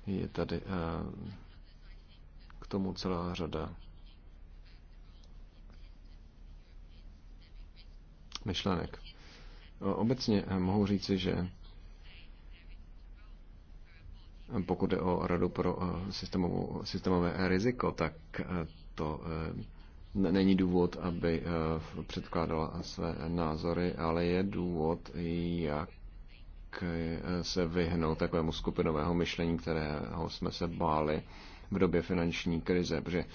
je tady k tomu celá řada myšlenek. Obecně eh, mohu říci, že pokud jde o radu pro eh, systémovou, systémové riziko, tak eh, to není důvod, aby předkládala své názory, ale je důvod, jak se vyhnout takovému skupinového myšlení, kterého jsme se báli v době finanční krize, protože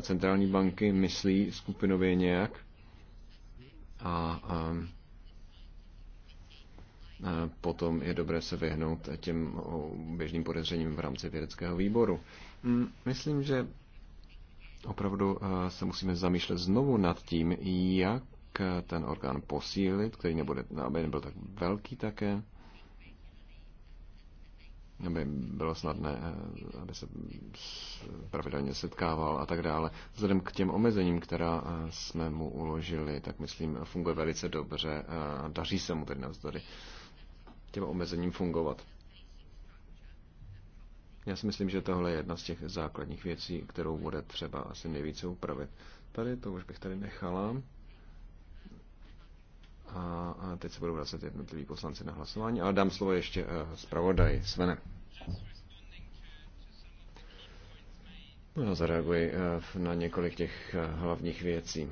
centrální banky myslí skupinově nějak a, a potom je dobré se vyhnout těm běžným podezřením v rámci vědeckého výboru. Mm, myslím, že opravdu se musíme zamýšlet znovu nad tím, jak ten orgán posílit, který nebude, aby nebyl tak velký také aby bylo snadné, eh, aby se pravidelně setkával a tak dále. Vzhledem k těm omezením, která eh, jsme mu uložili, tak myslím, funguje velice dobře eh, a daří se mu tedy navzdory těm omezením fungovat. Já si myslím, že tohle je jedna z těch základních věcí, kterou bude třeba asi nejvíce upravit. Tady to už bych tady nechala a teď se budou vracet jednotliví poslanci na hlasování, ale dám slovo ještě eh, zpravodaj Svene. No, zareaguji eh, na několik těch eh, hlavních věcí.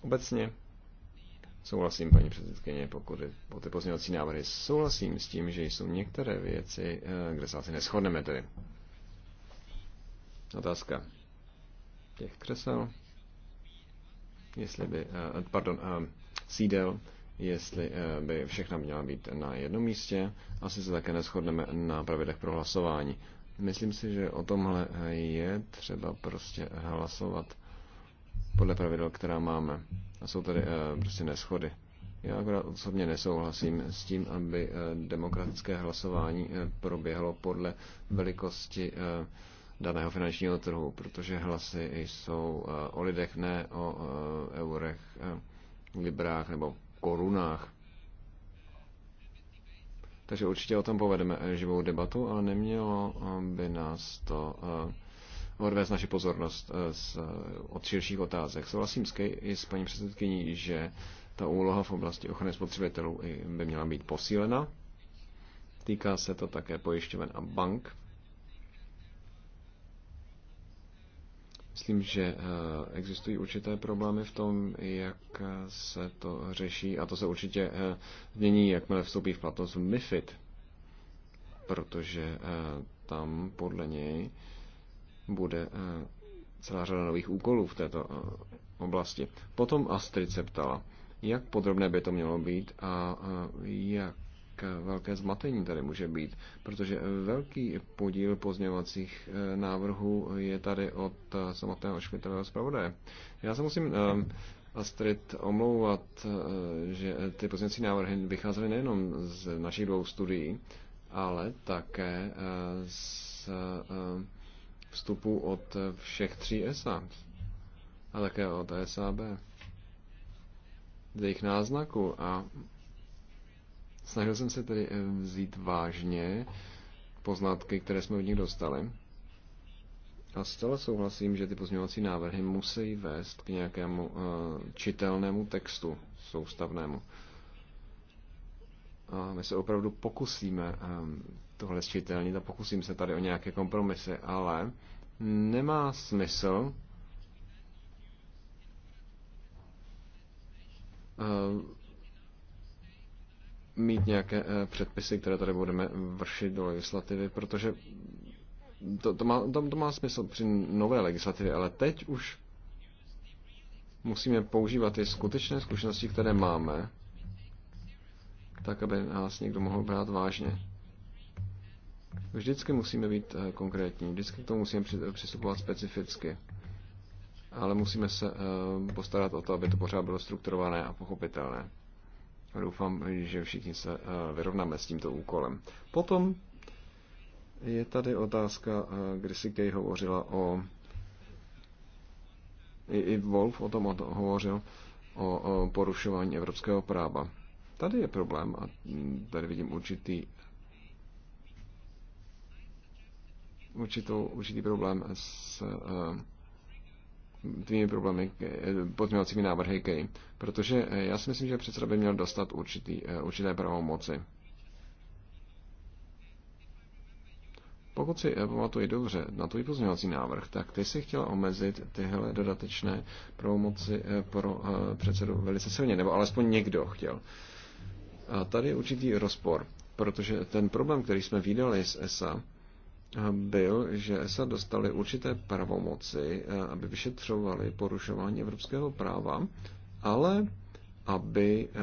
Obecně souhlasím, paní předsedkyně, pokud po ty pozměňovací návrhy souhlasím s tím, že jsou některé věci, kde se asi neschodneme tedy. Otázka těch křesel jestli by, eh, pardon, eh, sídel, jestli eh, by všechna měla být na jednom místě. Asi se také neschodneme na pravidlech pro hlasování. Myslím si, že o tomhle je třeba prostě hlasovat podle pravidel, která máme. A jsou tady prostě neschody. Já akorát osobně nesouhlasím s tím, aby demokratické hlasování proběhlo podle velikosti daného finančního trhu, protože hlasy jsou eh, o lidech, ne o eh, eurech, eh, librách nebo korunách. Takže určitě o tom povedeme živou debatu, ale nemělo by nás to odvést naši pozornost z, od širších otázek. Souhlasím s, i s paní předsedkyní, že ta úloha v oblasti ochrany spotřebitelů by měla být posílena. Týká se to také pojišťoven a bank. Myslím, že eh, existují určité problémy v tom, jak eh, se to řeší a to se určitě eh, změní, jakmile vstoupí v platnost MIFID, protože tam podle něj bude celá řada nových úkolů v této oblasti. Potom Astrid se ptala, jak podrobné by to mělo být a jak velké zmatení tady může být, protože velký podíl pozněvacích eh, návrhů je tady od eh, samotného švitového zpravodaje. Já se musím eh, Astrid omlouvat, že ty pozněvací návrhy vycházely nejenom z našich dvou studií, ale také z vstupu od všech tří ESA a také od e SAB z jejich náznaku a Snažil jsem se tedy eh, vzít vážně poznatky, které jsme od nich dostali. A zcela souhlasím, že ty pozměňovací návrhy musí vést k nějakému uh, čitelnému textu soustavnému. A my se opravdu pokusíme um, tohle zčitelnit a pokusím se tady o nějaké kompromisy, ale nemá smysl uh, mít nějaké eh, předpisy, které tady budeme vršit do legislativy, protože to, to, má, to, to má smysl při nové legislativě, ale teď už musíme používat ty skutečné zkušenosti, které máme, tak, aby nás někdo mohl brát vážně. Vždycky musíme být eh, konkrétní, vždycky k tomu musíme přistupovat specificky, ale musíme se eh, postarat o to, aby to pořád bylo strukturované a pochopitelné. Doufám, že všichni se eh, vyrovnáme s tímto úkolem. Potom je tady otázka, eh, kdy si Kej hovořila o i, Wolf o tom hovořil, o, o porušování evropského práva. Tady je problém a tady vidím určitý určitou, určitý problém s uh, tvými problémy, pozměňovacími návrhy GAY. Protože eh, já si myslím, že předseda by měl dostat určitý, eh, určité pravomoci. Pokud si eh, pamatuji dobře na tvůj pozměňovací návrh, tak ty si chtěla omezit tyhle dodatečné pravomoci pro předsedu velice silně, nebo alespoň někdo chtěl. A tady je určitý rozpor, protože ten problém, který jsme vydali z ESA, byl, že ESA dostali určité pravomoci, eh, aby vyšetřovali porušování evropského práva, ale aby eh,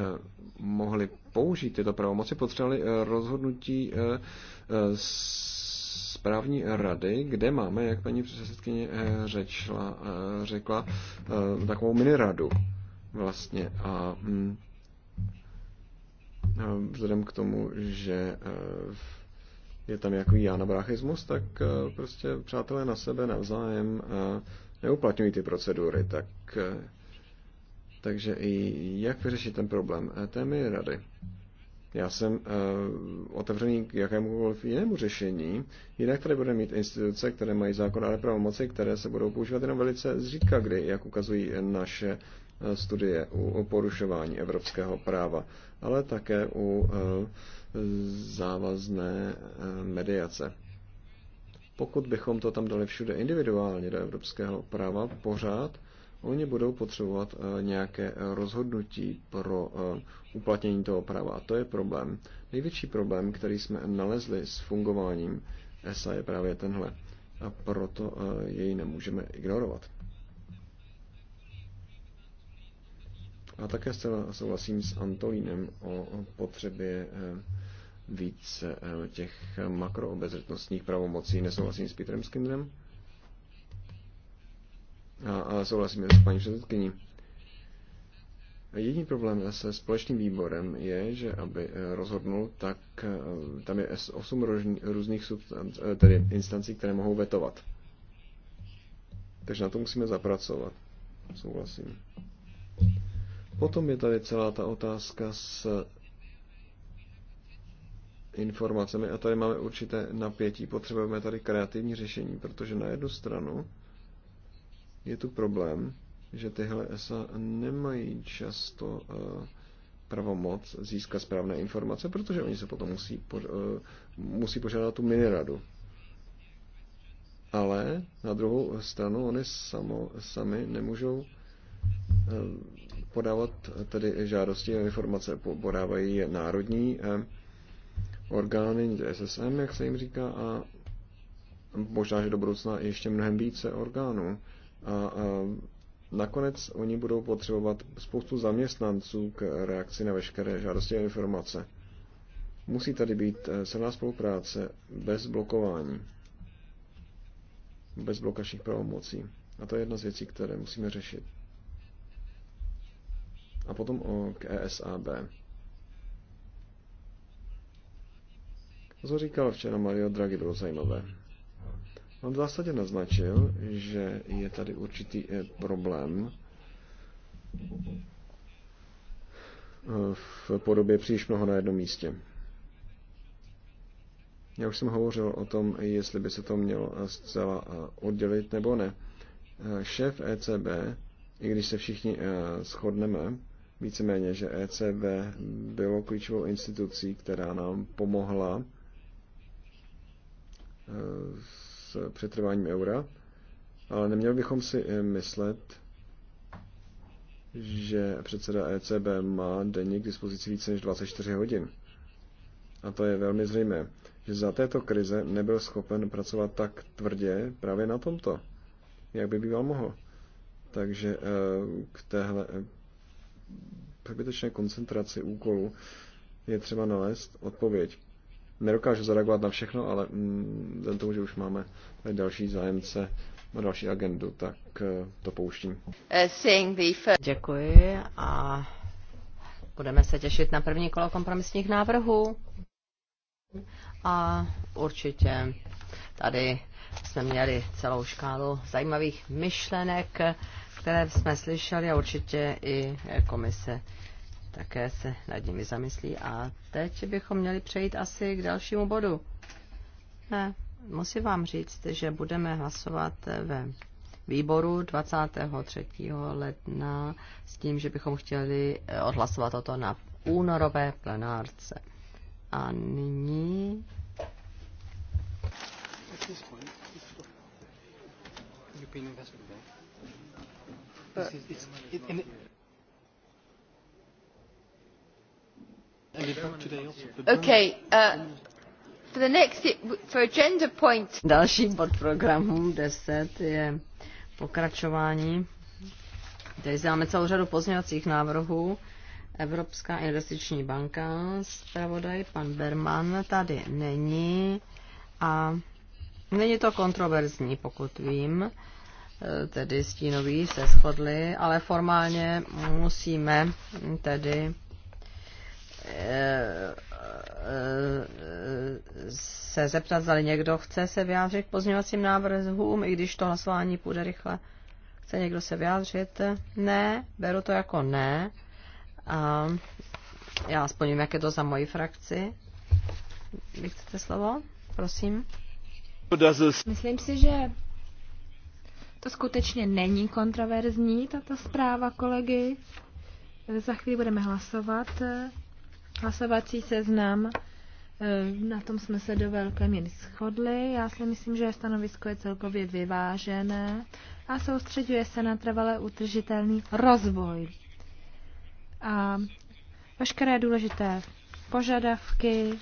mohli použít tyto pravomoci, potřebovali eh, rozhodnutí správní rady, kde máme, jak paní předsedkyně řečla, řekla, takovou radu vlastně. A mm, vzhledem k tomu, že v je tam nějaký anabrachismus, tak eh, prostě přátelé na sebe navzájem eh, neuplatňují ty procedury. Tak, eh, takže i jak vyřešit ten problém? Té mi rady. Já jsem otevřený k jakémukoliv jinému řešení. Jinak tady budeme mít instituce, které mají zákon ale pravomoci, které se budou používat jenom velice zřídka, kdy, jak ukazují naše studie u porušování evropského práva, ale také u uh, závazné eh, mediace. Pokud bychom to tam dali všude individuálně do evropského práva, pořád oni budou potřebovat eh, nějaké eh, rozhodnutí pro uplatnění toho práva. A to je problém. Největší problém, který jsme nalezli s fungováním ESA, je právě tenhle. A proto jej nemůžeme ignorovat. A také souhlasím s Antolínem o potřebě eh, více eh, těch makroobezřetnostních pravomocí. Nesouhlasím s Petrem Skindrem. A, a souhlasím s paní předsedkyní. Jediný problém se společným výborem je, že aby eh, rozhodnul, tak tam je 8 různých substanc, tedy instancí, které mohou vetovat. Takže na to musíme zapracovat. Souhlasím. Potom je tady celá ta otázka s informacemi a tady máme určité napětí. Potřebujeme tady kreativní řešení, protože na jednu stranu je tu problém, že tyhle ESA nemají často eh, pravomoc získat správné informace, protože oni se potom musí, pož- eh, musí požádat tu miniradu. Ale na druhou stranu oni samo, sami nemůžou eh, podávat eh, tedy žádosti a informace. Podávají národní eh, orgány, SSM, jak se jim říká, a možná, že do budoucna ještě mnohem více orgánů. A, a eh, nakonec oni budou potřebovat spoustu zaměstnanců k reakci na veškeré žádosti a informace. Musí tady být silná spolupráce bez blokování, bez blokačních pravomocí. A to je jedna z věcí, které musíme řešit. A potom o, eh, k ESAB. Co říkal včera Mario Draghi, bylo zajímavé. On v zásadě naznačil, že je tady určitý eh, problém eh, v podobě příliš mnoho na jednom místě. Já už jsem hovořil o tom, jestli by se to mělo zcela oddělit nebo ne. Šéf ECB, i když se všichni shodneme, víceméně, že ECB bylo klíčovou institucí, která nám pomohla eh, s přetrváním eura, ale neměli bychom si eh, myslet, že předseda ECB má denně k dispozici více než 24 hodin. A to je velmi zřejmé, že za této krize nebyl schopen pracovat tak tvrdě právě na tomto, jak by býval mohl. Takže eh, k téhle přebytečné koncentraci úkolů je třeba nalézt odpověď. Nedokážu zareagovat na všechno, ale mm, vzhledem tomu, že už máme další zájemce na další agendu, tak eh, to pouštím. Eh, Děkuji a budeme se těšit na první kolo kompromisních návrhů. A určitě tady jsme měli celou škálu zajímavých myšlenek které jsme slyšeli a určitě i komise také se nad nimi zamyslí. A teď bychom měli přejít asi k dalšímu bodu. Ne, musím vám říct, že budeme hlasovat ve výboru 23. ledna s tím, že bychom chtěli eh, odhlasovat toto na únorové plenárce. A nyní... European Investment But it's, it, Okay, uh, for the next, for agenda point. Dalším podprogramu 10 je pokračování. Tady máme celou řadu pozměňovacích návrhů. Evropská investiční banka, zpravodaj pan Berman tady není a není to kontroverzní, pokud vím. Eh, tedy stínoví se shodli, ale formálně musíme tedy eh, eh, se zeptat, zda někdo chce se vyjádřit k pozměňovacím návrhům, i když to hlasování půjde rychle. Chce někdo se vyjádřit? Ne, beru to jako ne. A já aspoň vím, jak je to za moji frakci. Vy chcete slovo? Prosím. Myslím si, že to skutečně není kontroverzní, tato zpráva kolegy. Za chvíli budeme hlasovat. Hlasovací seznam, eh, na tom jsme se do velké míry shodli. Já si myslím, že stanovisko je celkově vyvážené a soustředuje se na trvalé utržitelný rozvoj. A veškeré důležité požadavky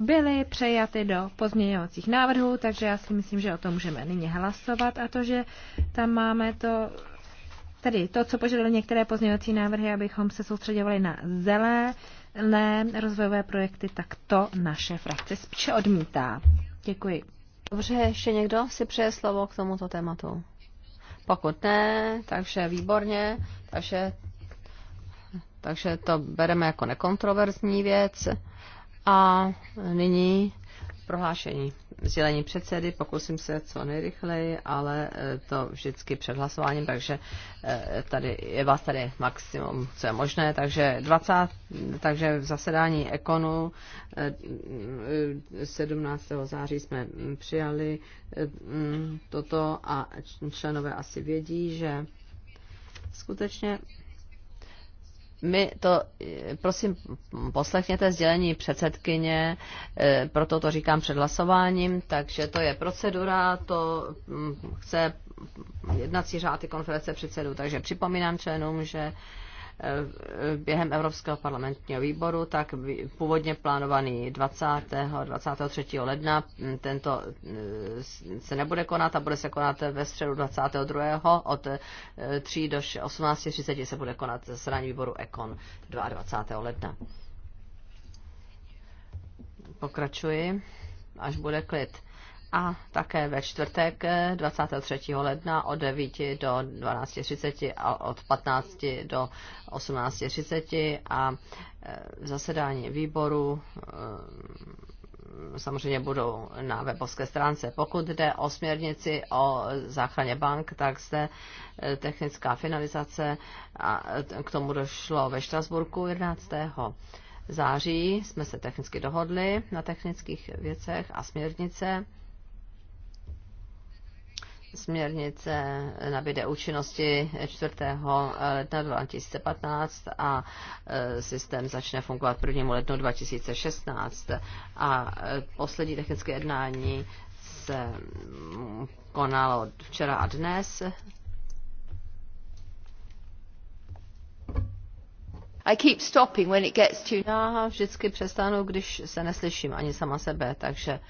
byly přejaty do pozměňovacích návrhů, takže já si myslím, že o tom můžeme nyní hlasovat a to, že tam máme to, tedy to, co požadovaly některé pozměňovací návrhy, abychom se soustředovali na zelené rozvojové projekty, tak to naše frakce spíše odmítá. Děkuji. Dobře, ještě někdo si přeje slovo k tomuto tématu? Pokud ne, takže výborně, takže, takže to bereme jako nekontroverzní věc. A nyní prohlášení sdělení předsedy, pokusím se co nejrychleji, ale eh, to vždycky před hlasováním, takže eh, tady je vás tady maximum, co je možné, takže 20, takže v zasedání Ekonu 17. Eh, září jsme mm, přijali mm, toto a členové asi vědí, že skutečně my to, eh, prosím, poslechněte sdělení předsedkyně, eh, proto to říkám před hlasováním, takže to je procedura, to mm, chce jednací řád konference předsedů, takže připomínám členům, že Eh, během Evropského parlamentního výboru, tak původně plánovaný 20. 23. ledna mm, tento eh, se nebude konat a bude se konat ve středu 22. od 3 eh, do 18.30 se bude konat zasedání výboru Econ 22. ledna. Pokračuji, až bude klid a také ve čtvrtek 23. Eh, ledna od 9 do 12.30 a od 15 do 18.30 a eh, zasedání výboru eh, samozřejmě budou na webovské stránce. Pokud jde o směrnici o záchraně bank, tak zde technická finalizace a k tomu došlo ve Štrasburku 11 září jsme se technicky dohodli na technických věcech a směrnice Směrnice nabíde účinnosti 4. ledna 2015 a e, systém začne fungovat 1. lednu 2016. A e, poslední technické jednání se mm, konalo včera a dnes. I keep stopping when it gets too... Já vždycky přestanu, když se neslyším ani sama sebe, takže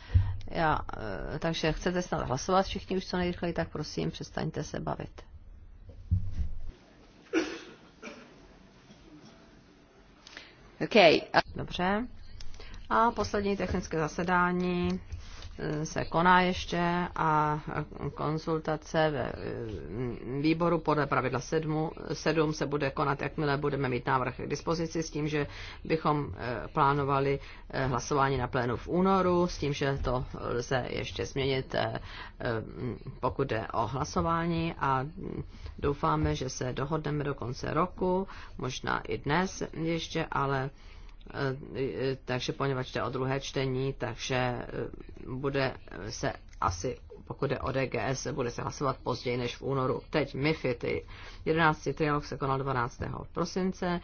já, eh, takže chcete snad hlasovat všichni už co nejrychleji, tak prosím, přestaňte se bavit. Okay. Dobře. A poslední technické zasedání se koná ještě a konzultace ve eh, výboru podle pravidla 7, 7 se bude konat, jakmile budeme mít návrh k dispozici, s tím, že bychom eh, plánovali eh, hlasování na plénu v únoru, s tím, že to lze ještě změnit, pokud jde o hlasování a doufáme, že se dohodneme do konce roku, možná i dnes ještě, ale takže poněvadž jde o druhé čtení, takže eh, bude se asi, pokud jde o DGS, bude se hlasovat později než v únoru. Teď MIFID, 11. trialog se konal 12. prosince,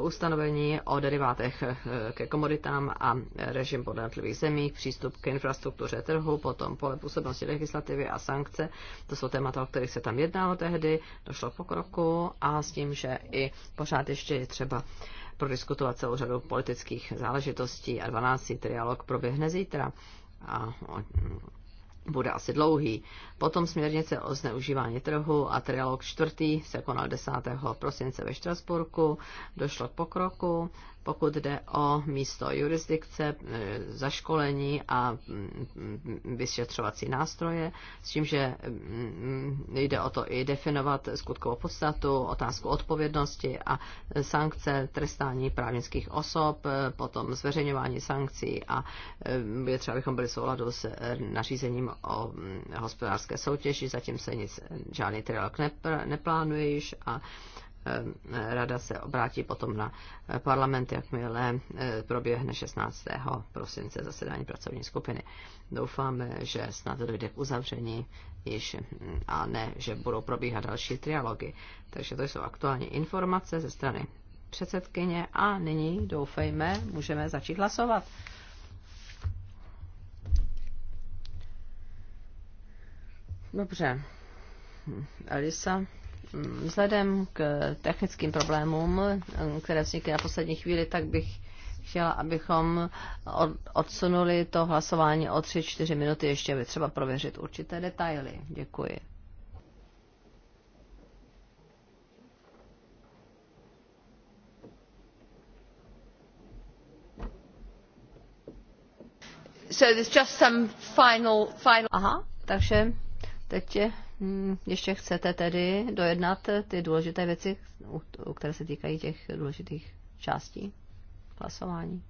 ustanovení o derivátech eh, ke komoditám a režim podle jednotlivých zemí, přístup k infrastruktuře trhu, potom pole působnosti legislativy a sankce, to jsou témata, o kterých se tam jednalo tehdy, došlo po pokroku a s tím, že i pořád ještě je třeba uh, prodiskutovat celou řadu politických záležitostí a 12. trialog proběhne zítra a bude asi dlouhý. Potom směrnice o zneužívání trhu a trialog čtvrtý se konal 10. prosince ve Štrasburku. Došlo k pokroku pokud jde o místo jurisdikce, e, zaškolení a vyšetřovací nástroje, s tím, že jde o to i definovat skutkovou podstatu, otázku odpovědnosti a sankce, trestání právnických osob, e, potom zveřejňování sankcí a e, je třeba, abychom byli souladu s nařízením o hospodářské soutěži, zatím se nic, žádný trilog neplánuje již a Eh, eh, rada se obrátí potom na eh, parlament, jakmile proběhne 16. prosince zasedání pracovní skupiny. Doufáme, že snad dojde k uzavření již hm, a ne, že budou probíhat další trialogy. Takže to jsou aktuální informace ze strany předsedkyně a nyní doufejme, můžeme začít hlasovat. Dobře. Hm, Elisa. Vzhledem k technickým problémům, které vznikly na poslední chvíli, tak bych chtěla, abychom odsunuli to hlasování o 3-4 minuty, ještě by třeba prověřit určité detaily. Děkuji. So there's just some final, final... Aha, takže teď je Mm, ještě chcete tedy dojednat ty důležité věci, které se týkají těch důležitých částí hlasování.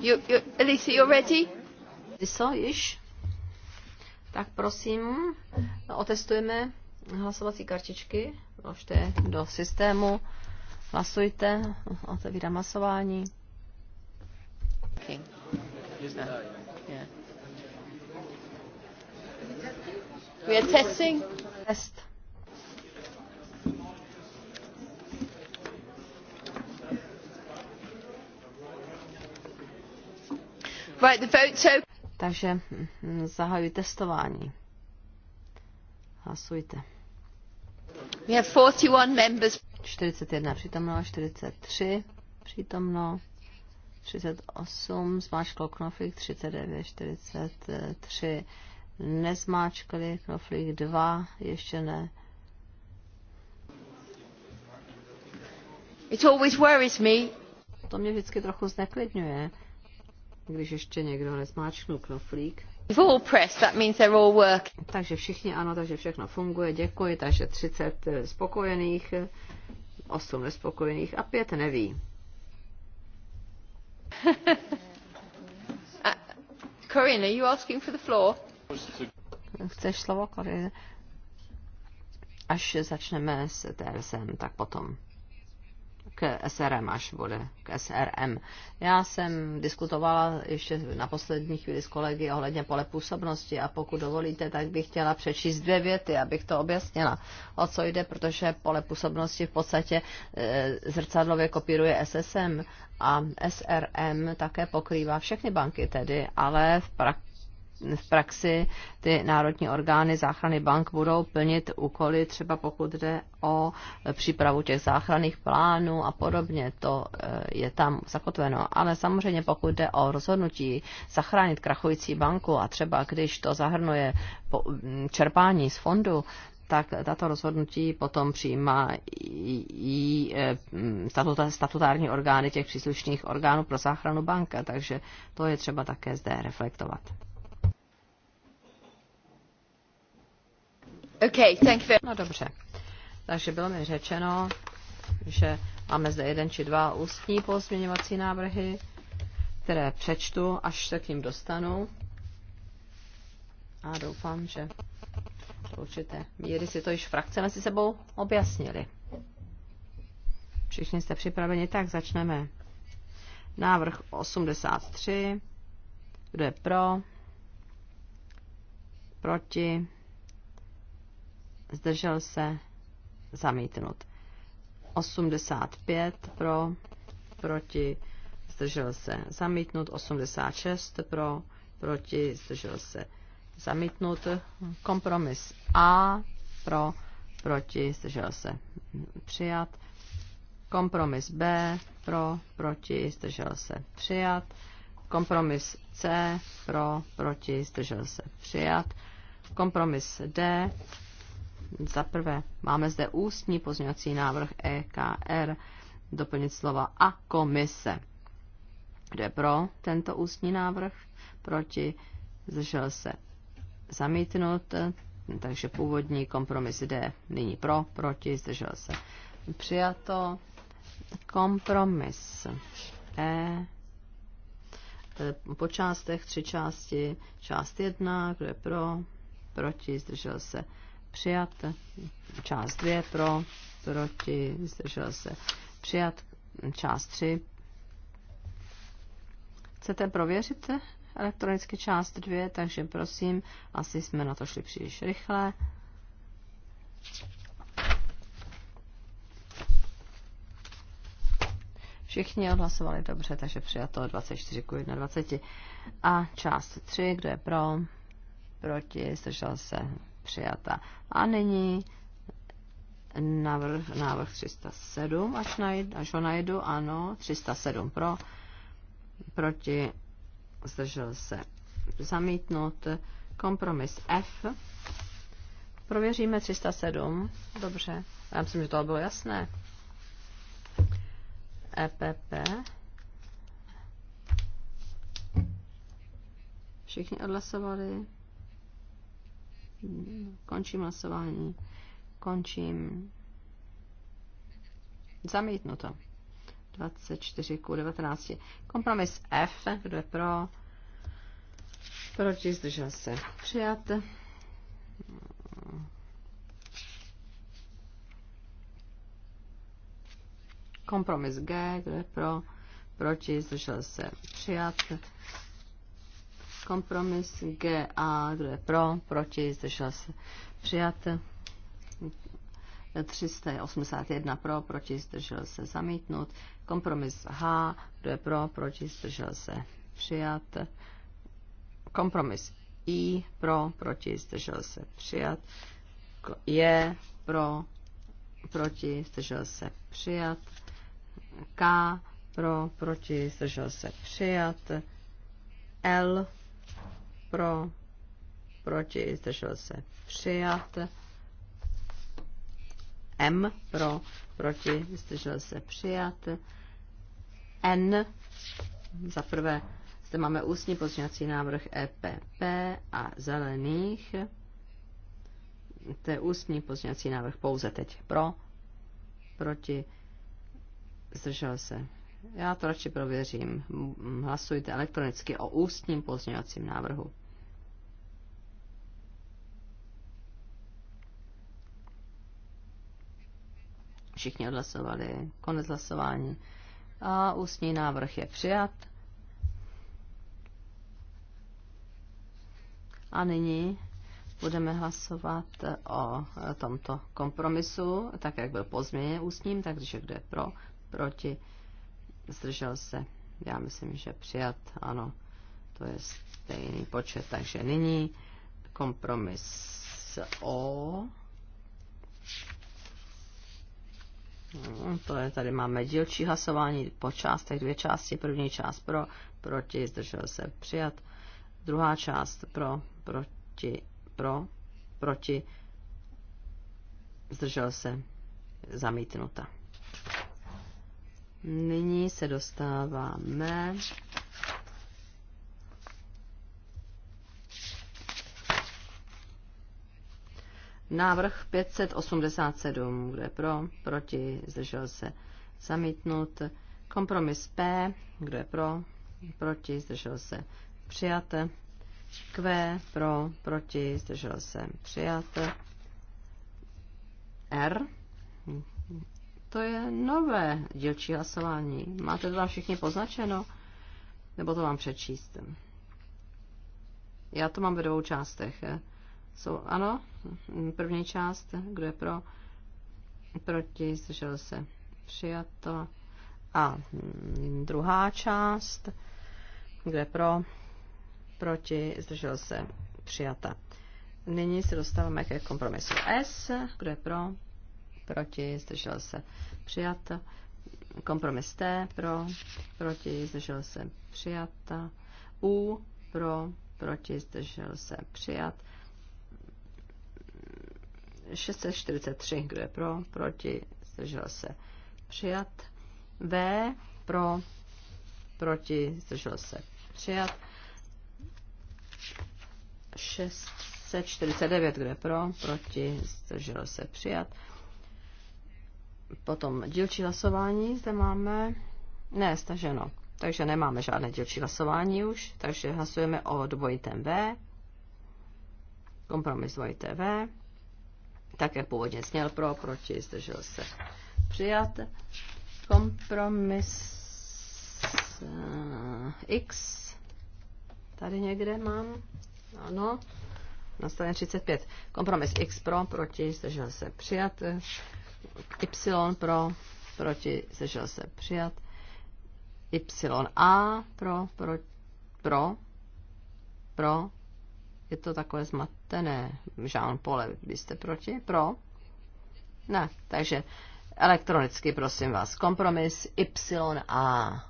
You, you, Elisa, you ready? již? Tak prosím, otestujeme hlasovací kartičky. Vložte do systému. Hlasujte. Otevírám hlasování. Okay. Yeah. We are testing. Takže hm, zahajuji testování. Hlasujte. 41 41 přítomno, 43 přítomno, 38 zmáčklo knoflík, 39, 43 nezmáčkli knoflík, 2 ještě ne. It always worries me. To mě vždycky trochu zneklidňuje když ještě někdo nesmáčknu knoflík. Press, that means they're all work. Takže všichni ano, takže všechno funguje, děkuji, takže 30 eh, spokojených, 8 eh, nespokojených a 5 neví. Corinne, are you asking for the floor? Chceš slovo, Corinne? Až začneme s TRSM, tak potom k SRM, až bude k SRM. Já jsem diskutovala ještě na poslední chvíli s kolegy ohledně pole působnosti a pokud dovolíte, tak bych chtěla přečíst dvě věty, abych to objasnila, o co jde, protože pole působnosti v podstatě e, zrcadlově kopíruje SSM a SRM také pokrývá všechny banky tedy, ale v praxi v praxi ty národní orgány záchrany bank budou plnit úkoly, třeba pokud jde o přípravu těch záchranných plánů a podobně. To eh, je tam zakotveno. Ale samozřejmě pokud jde o rozhodnutí zachránit krachující banku a třeba když to zahrnuje mm, čerpání z fondu, tak tato rozhodnutí potom přijímá i eh, statutární orgány těch příslušných orgánů pro záchranu banka, takže to je třeba také zde reflektovat. Okay, thank you. No dobře. Takže bylo mi řečeno, že máme zde jeden či dva ústní pozměňovací návrhy, které přečtu, až se k ním dostanu. A doufám, že do určité míry si to již frakce mezi sebou objasnili. Všichni jste připraveni, tak začneme. Návrh 83. Kdo je pro? Proti? zdržel se, zamítnut. 85 pro, proti, zdržel se, zamítnut. 86 pro, proti, zdržel se, zamítnut. Kompromis A pro, proti, zdržel se, přijat. Kompromis B pro, proti, zdržel se, přijat. Kompromis C pro, proti, zdržel se, přijat. Kompromis D za prvé, máme zde ústní pozměňovací návrh EKR, doplnit slova a komise. Kdo je pro tento ústní návrh? Proti? Zdržel se zamítnout. takže původní kompromis jde nyní pro, proti, zdržel se přijato. Kompromis E po částech tři části. Část jedna, kdo je pro, proti, zdržel se přijat. Část 2 pro, proti, zdržel se přijat. Část 3. Chcete prověřit elektronicky část 2, takže prosím, asi jsme na to šli příliš rychle. Všichni odhlasovali dobře, takže přijato 24 k 21. A část 3, kdo je pro, proti, zdržel se přijata. A nyní návrh, návrh 307, až, najdu, až ho najdu, ano, 307 pro, proti, zdržel se zamítnout, kompromis F, prověříme 307, dobře, já myslím, že to bylo jasné. EPP, všichni odhlasovali, Mm. Mm. Končím hlasování. Končím. Zamítnuto. 24 k 19. Kompromis F, kdo je pro? Proti zdržel se. Přijat. Kompromis G, kdo je pro? Proti zdržel se. Přijat. Kompromis G kdo je pro, proti, zdržel se přijat. 381 pro, proti, zdržel se zamítnut. Kompromis H, kdo je pro, proti, zdržel se přijat. Kompromis I, pro, proti, zdržel se přijat. J, pro, proti, zdržel se přijat. K, pro, proti, zdržel se přijat. L, pro, proti, zdržel se přijat. M pro, proti, zdržel se přijat. N za prvé zde máme ústní pozměňovací návrh EPP a zelených. To je ústní pozměňovací návrh pouze teď pro, proti, zdržel se. Já to radši prověřím. Hlasujte elektronicky o ústním pozměňovacím návrhu. Všichni odhlasovali. Konec hlasování. A ústní návrh je přijat. A nyní budeme hlasovat o tomto kompromisu, tak jak byl pozměněn ústním, takže kdo je pro, proti, zdržel se. Já myslím, že přijat, ano, to je stejný počet. Takže nyní kompromis O. To je, tady máme dílčí hlasování po částech, dvě části. První část pro, proti, zdržel se přijat. Druhá část pro, proti, pro, proti, zdržel se zamítnuta. Nyní se dostáváme Návrh 587, kdo je pro, proti, zdržel se zamítnut. Kompromis P, kdo je pro, proti, zdržel se přijat. Q, pro, proti, zdržel se přijat. R, to je nové dílčí hlasování. Máte to tam všichni poznačeno? Nebo to vám přečíst? Já to mám ve dvou částech. Je? Jsou ano, první část, kdo je pro, proti, zdržel se, přijato. A druhá část, kdo je pro, proti, zdržel se, přijata. Nyní se dostáváme ke kompromisu S, kdo je pro, proti, zdržel se, přijata. Kompromis T, pro, proti, zdržel se, přijata. U, pro, proti, zdržel se, přijat. 643, kdo je pro, proti, zdržel se přijat. V pro, proti, zdržel se přijat. 649, kdo je pro, proti, zdržel se přijat. Potom dílčí hlasování zde máme. Ne, staženo. Takže nemáme žádné dílčí hlasování už, takže hlasujeme o dvojitém V. Kompromis dvojité V tak jak původně sněl pro, proti, zdržel se přijat. Kompromis eh, X. Tady někde mám. Ano. Na straně 35. Kompromis X pro, proti, zdržel se přijat. Y pro, proti, zdržel se přijat. Y A pro, pro, pro, pro, je to takové zmatené. Jean Pole, vy jste proti? Pro? Ne, takže elektronicky, prosím vás. Kompromis YA.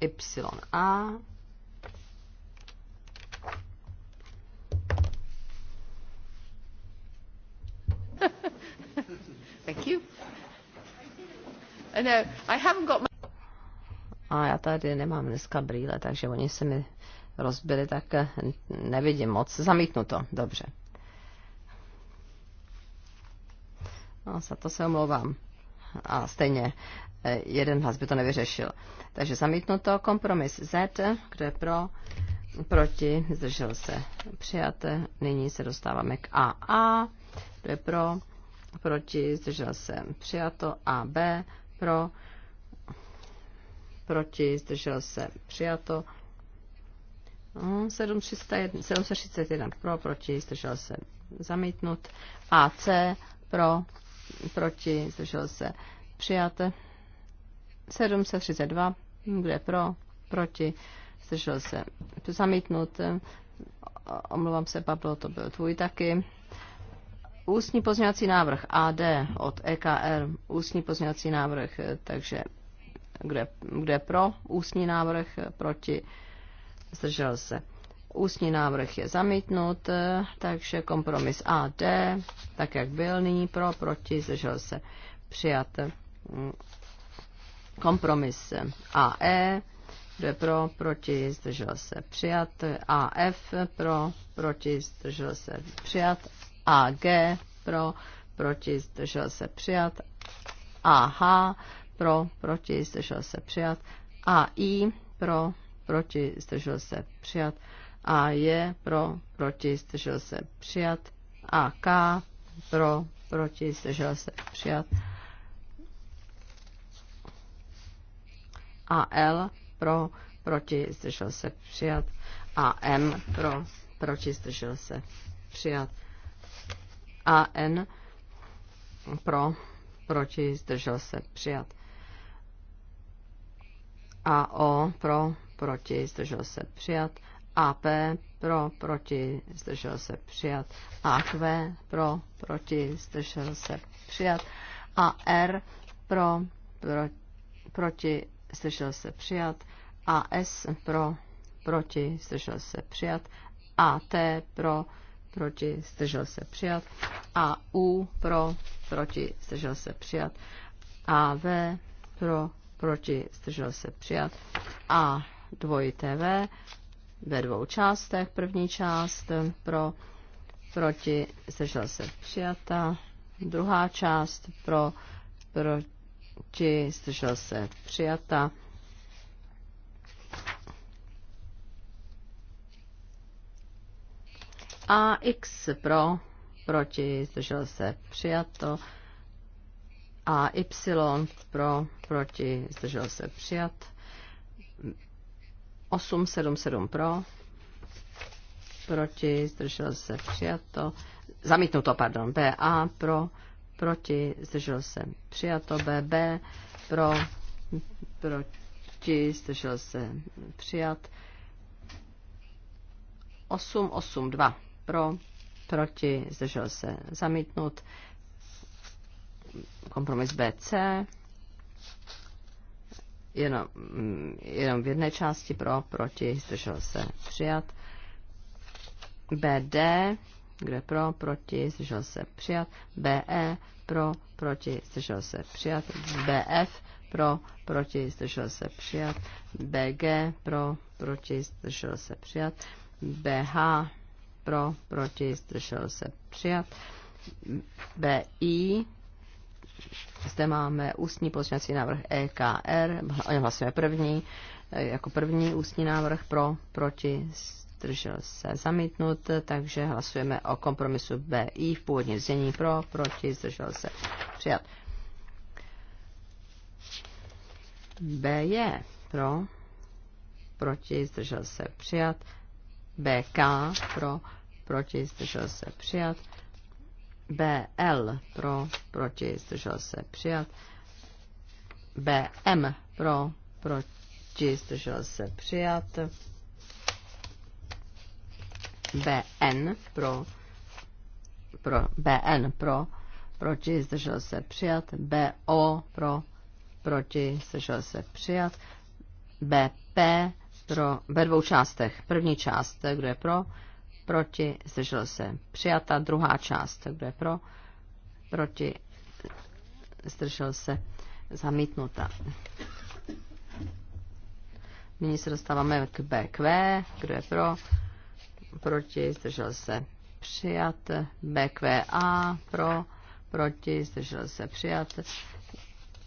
YA. Thank you. know. Uh, I haven't got my... A já tady nemám dneska brýle, takže oni se mi rozbili, tak nevidím moc. Zamítnu to, dobře. No, za to se omlouvám. A stejně eh, jeden hlas by to nevyřešil. Takže to kompromis Z, kdo je pro, proti, zdržel se, přijaté. Nyní se dostáváme k AA, kdo je pro, proti, zdržel se, přijato, AB, pro, proti, zdržel se, přijato, 731, no, pro, proti, zdržel se zamítnut. AC pro, proti, zdržel se přijat. 732, kde pro, proti, zdržel se zamítnut. Omlouvám se, Pablo, to byl tvůj taky. Ústní pozměňovací návrh AD od EKR, ústní pozměňovací návrh, takže kde, kde pro ústní návrh, proti zdržel se. Ústní návrh je zamítnut, eh, takže kompromis AD, tak jak byl nyní pro, proti, zdržel se přijat. Mm. Kompromis AE, kdo je pro, proti, zdržel se přijat. AF pro, proti, zdržel se přijat. AG pro, proti, zdržel se přijat. AH pro, proti, zdržel se přijat. AI pro, proti, zdržel se přijat. A je pro, proti, zdržel se přijat. A K pro, proti, zdržel se přijat. A L pro, proti, zdržel se přijat. A M pro, proti, zdržel se přijat. A N pro, proti, zdržel se přijat. A O pro, proti, zdržel se přijat. AP pro, proti, zdržel se přijat. AQ pro, proti, zdržel se přijat. AR pro, pro proti, zdržel se přijat. AS pro, proti, zdržel se přijat. AT pro, proti, zdržel se přijat. AU pro, proti, zdržel se přijat. AV pro, proti, zdržel se přijat. A 2TV ve dvou částech. První část pro, proti, zdržel se přijata. Druhá část pro, proti, zdržel se přijata. A X pro, proti, zdržel se přijato. A Y pro, proti, zdržel se přijat. 877 pro, proti, zdržel se přijato, zamítnuto, pardon, BA pro, proti, zdržel se přijato, BB pro, proti, zdržel se přijat, 882 pro, proti, zdržel se zamítnut, kompromis BC jenom, jenom v jedné části pro, proti, zdržel se přijat. BD, kde pro, proti, zdržel se přijat. BE, pro, proti, zdržel se přijat. BF, pro, proti, zdržel se přijat. BG, pro, proti, zdržel se přijat. BH, pro, proti, zdržel se přijat. BI, zde máme ústní pozměňovací návrh EKR, o něm hlasujeme první, e, jako první ústní návrh pro, proti, zdržel se zamítnut, takže hlasujeme o kompromisu BI v původní znění pro, proti, zdržel se přijat. BJ pro, proti, zdržel se přijat. BK pro, proti, zdržel se přijat. BL pro, proti, zdržel se přijat. BM pro, proti, zdržel se přijat. BN pro, pro BN pro, proti, zdržel se přijat. BO pro, proti, zdržel se přijat. BP pro, ve dvou částech. První část, kdo je pro, proti, zdržel se. Přijata druhá část, kdo je pro, proti, zdržel se. Zamítnuta. Nyní se dostáváme k BQ, kdo je pro, proti, zdržel se. Přijat. BQA, pro, proti, zdržel se. Přijat.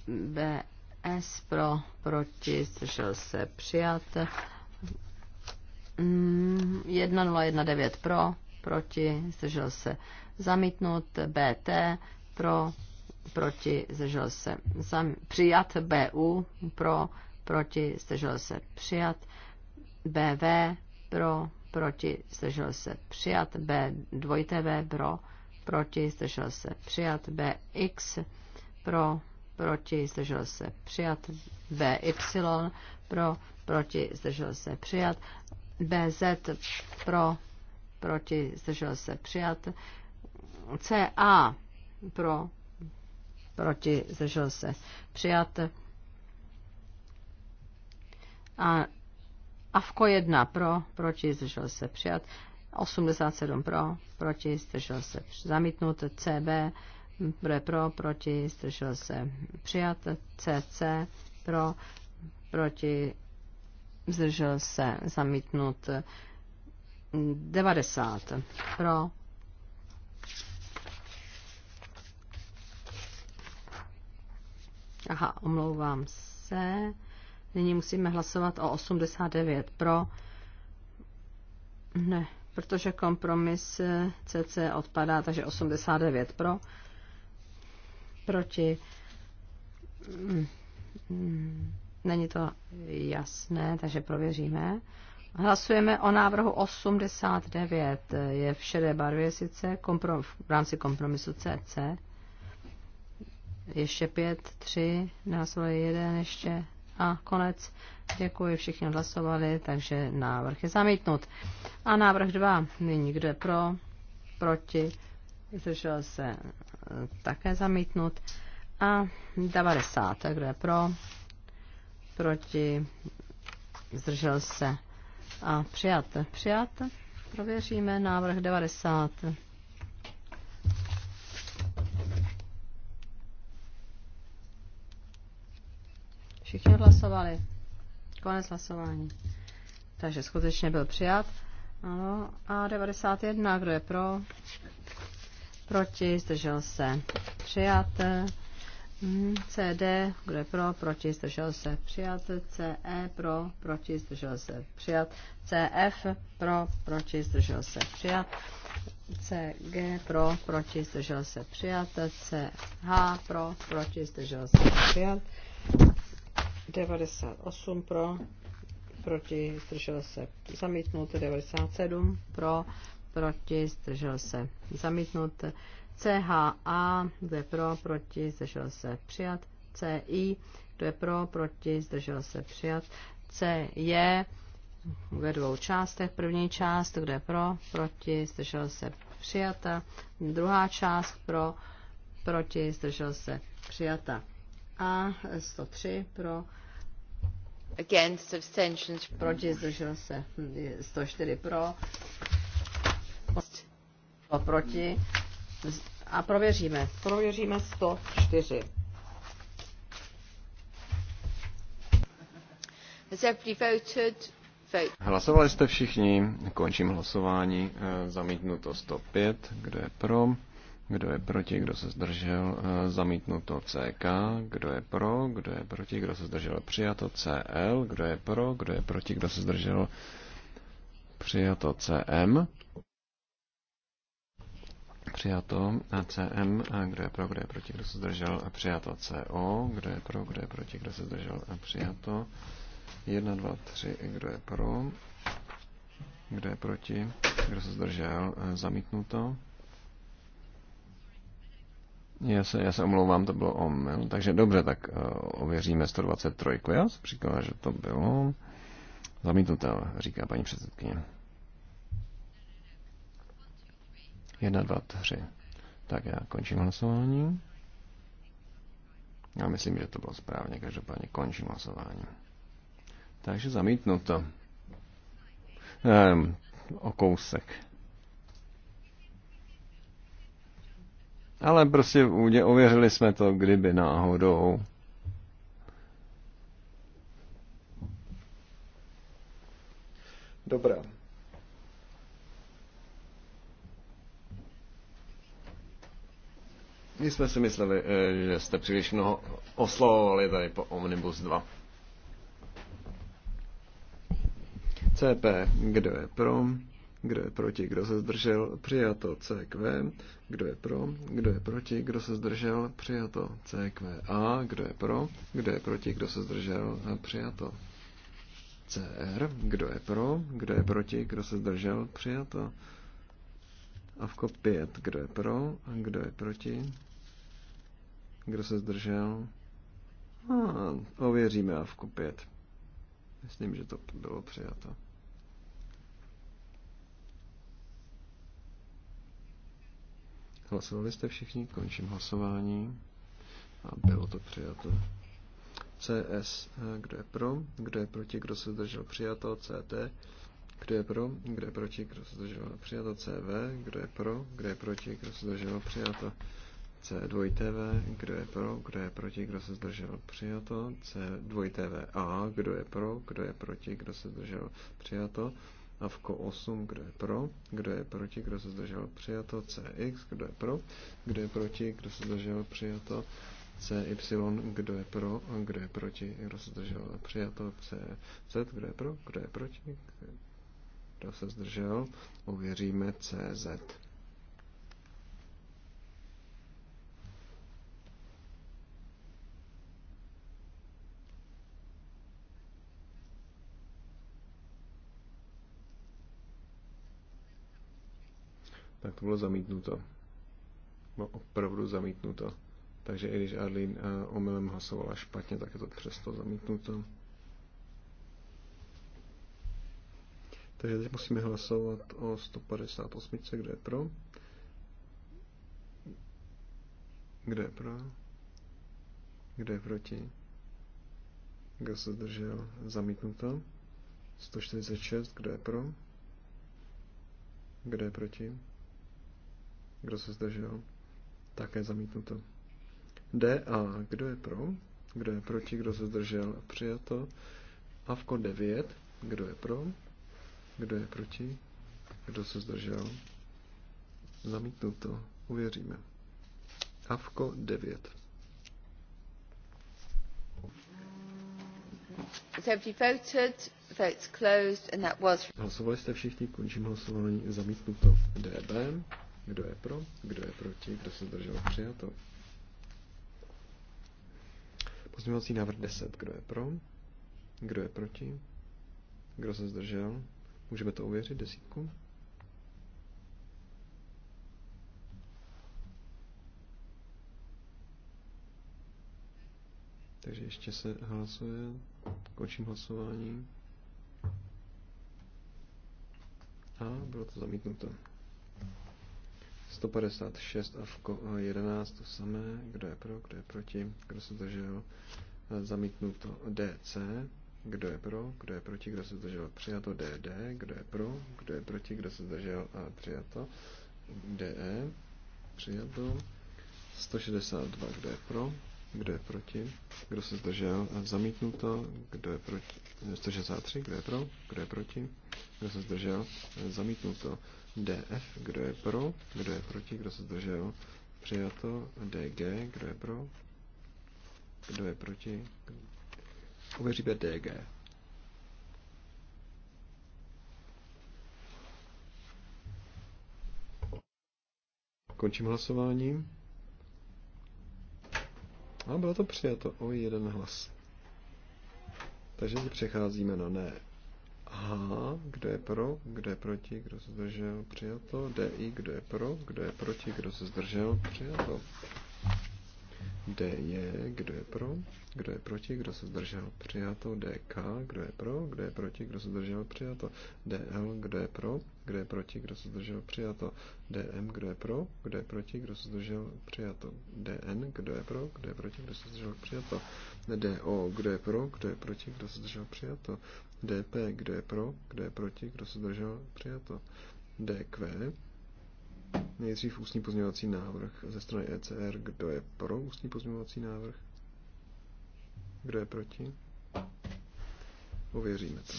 BS, pro, proti, zdržel se. Přijat. 1019 pro, proti, zdržel se zamítnut, BT pro, proti, zdržel se zam, přijat, BU pro, proti, zdržel se přijat, BV pro, proti, zdržel se přijat, b 2 V pro, proti, zdržel se přijat, BX pro, proti, zdržel se přijat, BY pro, proti, zdržel se přijat, BZ pro, proti, zdržel se přijat. CA pro, proti, zdržel se přijat. A AFKO 1 pro, proti, zdržel se přijat. 87 pro, proti, zdržel se zamítnut. CB pro, pro, proti, zdržel se přijat. CC pro, proti, zdržel se, zamítnut 90 pro, Aha, omlouvám se. Nyní musíme hlasovat o 89 pro. Ne, protože kompromis CC odpadá, takže 89 pro. Proti. Mm, mm. Není to jasné, takže prověříme. Hlasujeme o návrhu 89. Je v šedé barvě sice komprom, v rámci kompromisu CC. Ještě pět, tři, následuje jeden ještě a konec. Děkuji, všichni hlasovali, takže návrh je zamítnut. A návrh 2. Nyní kdo je pro, proti, zdržel se také zamítnut. A 90. Kdo je pro, proti, zdržel se a přijat. Přijat, prověříme návrh 90. Všichni hlasovali. Konec hlasování. Takže skutečně byl přijat. Ano, a 91, kdo je pro? Proti, zdržel se. Přijat. Mhm, CD, kdo je pro, proti, zdržel se, přijat. CE, pro, proti, zdržel se, přijat. CF, pro, proti, zdržel se, přijat. CG, pro, proti, zdržel se, přijat. CH, pro, proti, zdržel se, přijat. 98 pro, proti, zdržel se, zamítnut. 97 pro, proti, zdržel se, zamítnut. CHA, kdo je pro, proti, zdržel se přijat. CI, kdo je pro, proti, zdržel se přijat. CJ, ve dvou částech. První část, kdo je pro, proti, zdržel se přijata. Druhá část pro, proti, zdržel se přijata. A 103 pro, against abstentions. Proti, zdržel se 104 pro, proti, a prověříme. Prověříme 104. Hlasovali jste všichni, končím hlasování, eh, zamítnuto 105, kdo je pro, kdo je proti, kdo se zdržel, eh, zamítnuto CK, kdo je pro, kdo je proti, kdo se zdržel, přijato CL, kdo je pro, kdo je proti, kdo se zdržel, přijato CM. Přijato CM, kdo je pro, kdo je proti, kdo se zdržel, přijato CO, kdo je pro, kdo je proti, kdo se zdržel, přijato 1, 2, 3, kdo je pro, kdo je proti, kdo se zdržel, zamítnuto. Já se, já se omlouvám, to bylo omyl, takže dobře, tak uh, ověříme 123. Já jsem říkala, že to bylo zamítnuté, říká paní předsedkyně. Jedna, dva, tři. Tak já končím hlasování. Já myslím, že to bylo správně, každopádně končím hlasování. Takže zamítnuto. Ehm, o kousek. Ale prostě ověřili jsme to, kdyby náhodou. Dobrá. My jsme si mysleli, eh, že jste příliš mnoho oslovovali tady po Omnibus 2. CP, kdo je pro, kdo je proti, kdo se zdržel, přijato CQ, kdo je pro, kdo je proti, kdo se zdržel, přijato CQA, kdo je pro, kdo je proti, kdo se zdržel, přijato CR, kdo je pro, kdo je proti, kdo se zdržel, přijato. v 5, kdo je pro, a kdo je proti, kdo se zdržel? A, ověříme a 5. Myslím, že to bylo přijato. Hlasovali jste všichni, končím hlasování. A bylo to přijato. CS, eh, kdo je pro, kdo je proti, kdo se zdržel přijato, CT, kdo je pro, kdo je proti, kdo se zdržel přijato, CV, kdo je pro, kdo je proti, kdo se zdržel přijato. C2TV, kdo je pro, kdo je proti, kdo se zdržel, přijato. C2TVA, kdo je pro, kdo je proti, kdo se zdržel, přijato. A v ko 8, kdo je pro, kdo je proti, kdo se zdržel, přijato. CX, kdo je pro, kdo je proti, kdo se zdržel, přijato. CY, kdo je pro, kdo je proti, kdo se zdržel, přijato. CZ, kdo je pro, kdo je proti, kdo se zdržel, ověříme CZ. tak to bylo zamítnuto. Bylo opravdu zamítnuto. Takže i když Arlene uh, omylem hlasovala špatně, tak je to přesto zamítnuto. Takže teď musíme hlasovat o 158, kde je pro. Kde je pro? Kde je proti? Kdo se zdržel? Zamítnuto. 146, kde je pro? Kde je proti? Kdo se zdržel? Také zamítnuto. D a kdo je pro? Kdo je proti? Kdo se zdržel? Přijato. Avko 9. Kdo je pro? Kdo je proti? Kdo se zdržel? Zamítnuto. Uvěříme. Avko 9. Hlasovali jste všichni, končím hlasování zamítnuto DB. Kdo je pro? Kdo je proti? Kdo se zdržel? Přijato. Pozměňovací návrh 10. Kdo je pro? Kdo je proti? Kdo se zdržel? Můžeme to ověřit, desítku? Takže ještě se hlasuje. Končím hlasování. A bylo to zamítnuto. 156 a v 11 to samé, kdo je pro, kdo je proti, kdo se zdržel, e, zamítnuto DC, kdo je pro, kdo je proti, kdo se zdržel, přijato DD, kdo je pro, kdo je proti, kdo se zdržel a e, přijato DE, přijato 162, kdo je pro, kdo je proti, kdo se zdržel, e, zamítnuto, kdo je proti, 163, kdo je pro, kdo je proti, kdo se zdržel, zamítnuto DF, kdo je pro, kdo je proti, kdo se zdržel, přijato, DG, kdo je pro, kdo je proti, ověříme DG. Končím hlasování. A bylo to přijato o jeden hlas. Takže přecházíme na ne. H, kdo je pro, kdo je proti, kdo se zdržel, přijato. DI, kdo je pro, kdo je proti, kdo se zdržel, přijato. DJ, kdo je pro, kdo je proti, kdo se zdržel, přijato. DK, kdo je pro, kdo je proti, kdo se zdržel, přijato. DL, kdo je pro, kdo je proti, kdo se zdržel, přijato. DM, kdo je pro, kdo je proti, kdo se zdržel, přijato. DN, kdo je pro, kdo je proti, kdo se zdržel, přijato jde o kdo je pro, kdo je proti, kdo se zdržel přijato. DP, kdo je pro, kdo je proti, kdo se zdržel přijato. DQ, nejdřív ústní pozměňovací návrh ze strany ECR, kdo je pro ústní pozměňovací návrh, kdo je proti. Ověříme to.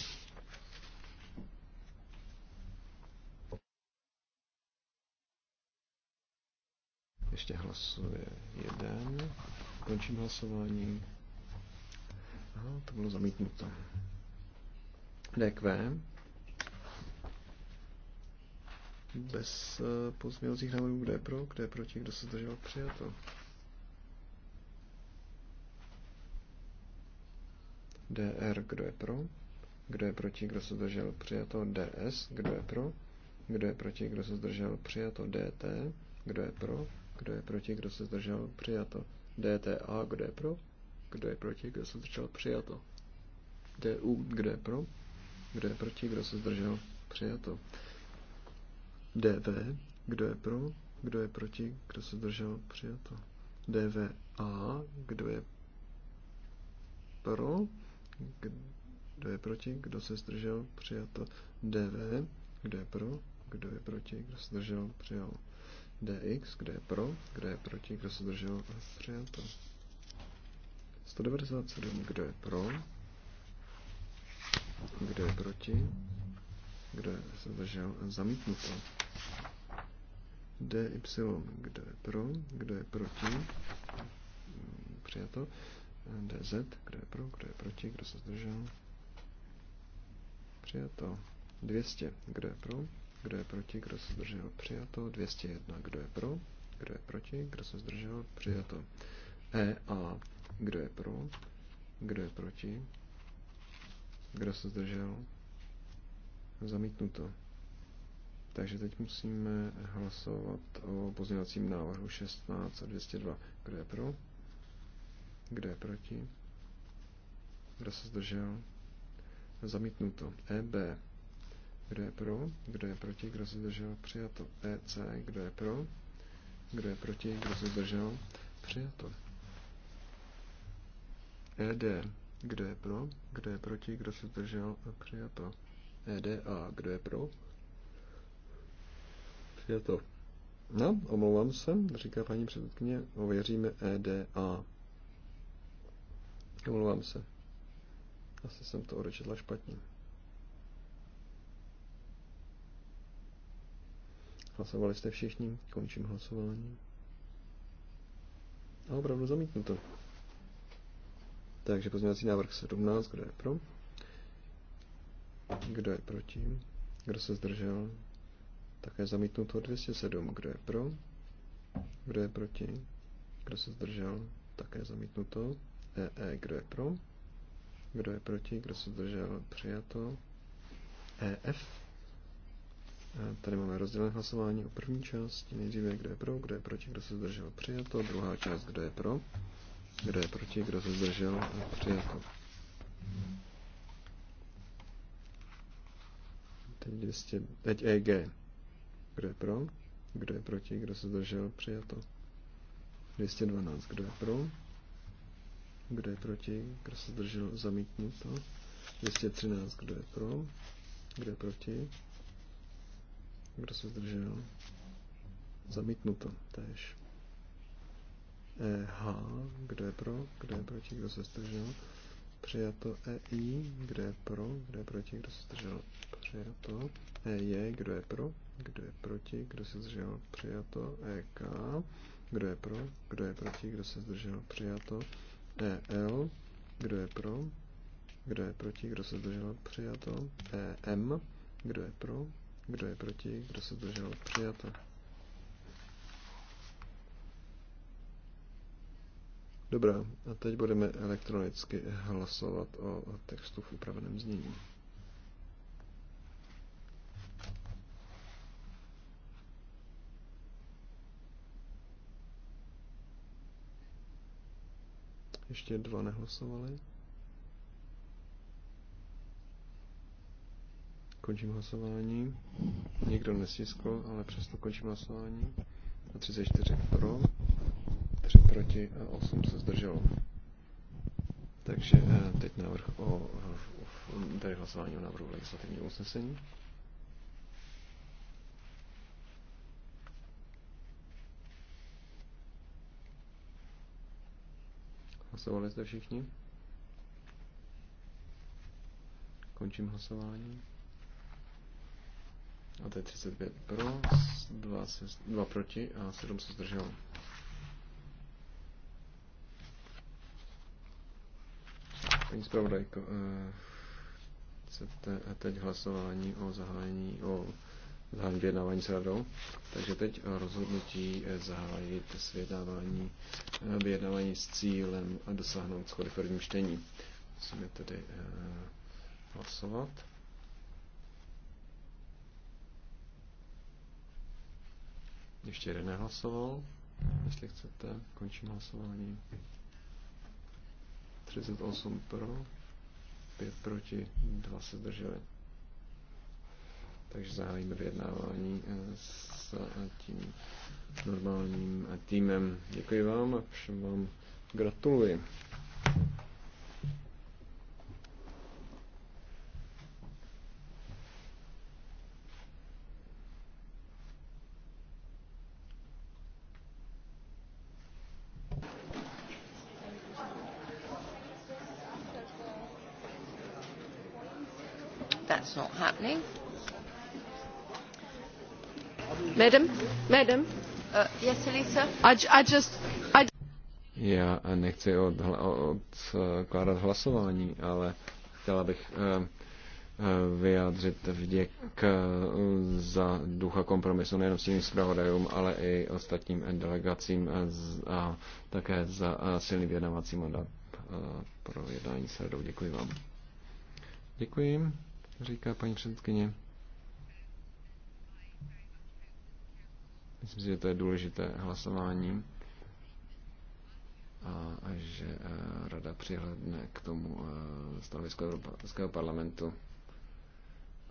Ještě hlasuje jeden. Končím hlasování to bylo zamítnuto. DQ. Bez eh, pozměňovacích návrhů, kde je pro, kde je proti, kdo se zdržel přijato. DR, kdo je pro, kdo je proti, kdo se zdržel přijato. DS, kdo je pro, kdo je proti, kdo se zdržel přijato. DT, kdo je pro, kdo je proti, kdo se zdržel přijato. DTA, kdo je pro, kdo je proti, kdo se zdržel, přijato. DU, kdo je pro, kdo je proti, kdo se zdržel, přijato. DV, kdo je pro, kdo je proti, kdo se zdržel, přijato. DVA, kdo je pro, kdo je proti, kdo se zdržel, přijato. DV, kdo je pro, kdo je proti, kdo se zdržel, přijal. DX, kdo je pro, kdo je proti, kdo se zdržel, přijato. 197. Kdo je pro? Kdo je proti? Kdo je se zdržel? Zamítnuto. DY. Kdo je pro? Kdo je proti? Přijato. DZ. Kdo je pro? Kdo je proti? Kdo se zdržel? Přijato. 200. Kdo je pro? Kdo je proti? Kdo se zdržel? Přijato. 201. Kdo je pro? Kdo je proti? Kdo se zdržel? Přijato. E a kdo je pro? Kdo je proti? Kdo se zdržel? Zamítnuto. Takže teď musíme hlasovat o pozměňovacím návrhu 16 a 202. Kdo je pro? Kdo je proti? Kdo se zdržel? Zamítnuto. EB. Kdo je pro? Kdo je proti? Kdo se zdržel? Přijato. EC. Kdo je pro? Kdo je proti? Kdo se zdržel? Přijato. ED. Kdo je pro? Kdo je proti? Kdo se zdržel? Přijato. ED a kdo je pro? Přijato. No, omlouvám se, říká paní předsedkyně, ověříme EDA. Omlouvám se. Asi jsem to odečetla špatně. Hlasovali jste všichni, končím hlasování. A opravdu zamítnu to. Takže pozměňovací návrh 17, kdo je pro? Kdo je proti? Kdo se zdržel? Také zamítnuto 207, kdo je pro? Kdo je proti? Kdo se zdržel? Také zamítnuto. EE, e, kdo je pro? Kdo je proti? Kdo se zdržel? Přijato. EF. E, tady máme rozdělené hlasování o první části. Nejdříve, kdo je pro, kdo je proti, kdo se zdržel, přijato. Druhá část, kdo je pro, kdo je proti, kdo se zdržel? Přijato. Teď, 200, teď EG. Kdo je pro? Kdo je proti, kdo se zdržel? Přijato. 212. Kdo je pro? Kdo je proti, kdo se zdržel? Zamítnuto. 213. Kdo je pro? Kdo je proti? Kdo se zdržel? Zamítnuto. Tež. H, kdo je pro, kdo je proti, kdo se zdržel, přijato EI, kdo je pro, kdo je proti, kdo se zdržel, přijato EJ, kdo je pro, kdo je proti, kdo se zdržel, přijato EK, kdo je pro, kdo je proti, kdo se zdržel, přijato EL, kdo je pro, kdo je proti, kdo se zdržel, přijato EM, kdo je pro, kdo je proti, kdo se zdržel, přijato Dobrá, a teď budeme elektronicky hlasovat o textu v upraveném znění. Ještě dva nehlasovali. Končím hlasování. Nikdo nesiskl, ale přesto končím hlasování. 34 pro proti, 8 se zdrželo. Takže eh, teď návrh o, o, eh, o tady hlasování o návrhu legislativního usnesení. Hlasovali jste všichni? Končím hlasování. A to je 35 pro, 2, 2 proti a 7 se zdrželo. Paní zpravodajko, eh, chcete teď hlasování o zahájení, o zahájení vyjednávání s radou. Takže teď rozhodnutí eh, zahájit s vyjednávání, eh, vyjednávání s cílem a dosáhnout schody v prvním čtení. Musíme tedy hlasovat. Ještě jeden nehlasoval. Jestli chcete, končím hlasování. 38 pro, 5 proti, 2 se drželi. Takže zahájíme vyjednávání eh, s eh, tím normálním eh, týmem. Děkuji vám a všem vám gratuluji. Madam? Uh, yes, Elisa? I, I just, I... Já nechci odkládat od, od, hlasování, ale chtěla bych uh, vyjádřit vděk eh, za ducha kompromisu nejen svým zpravodajům, ale i ostatním delegacím a také za silný vědomací mandát pro jednání s radou. Děkuji vám. Děkuji, říká paní předsedkyně. Myslím si, že to je důležité hlasování a, a že e, Rada přihledne k tomu e, stanovisku Evropského parlamentu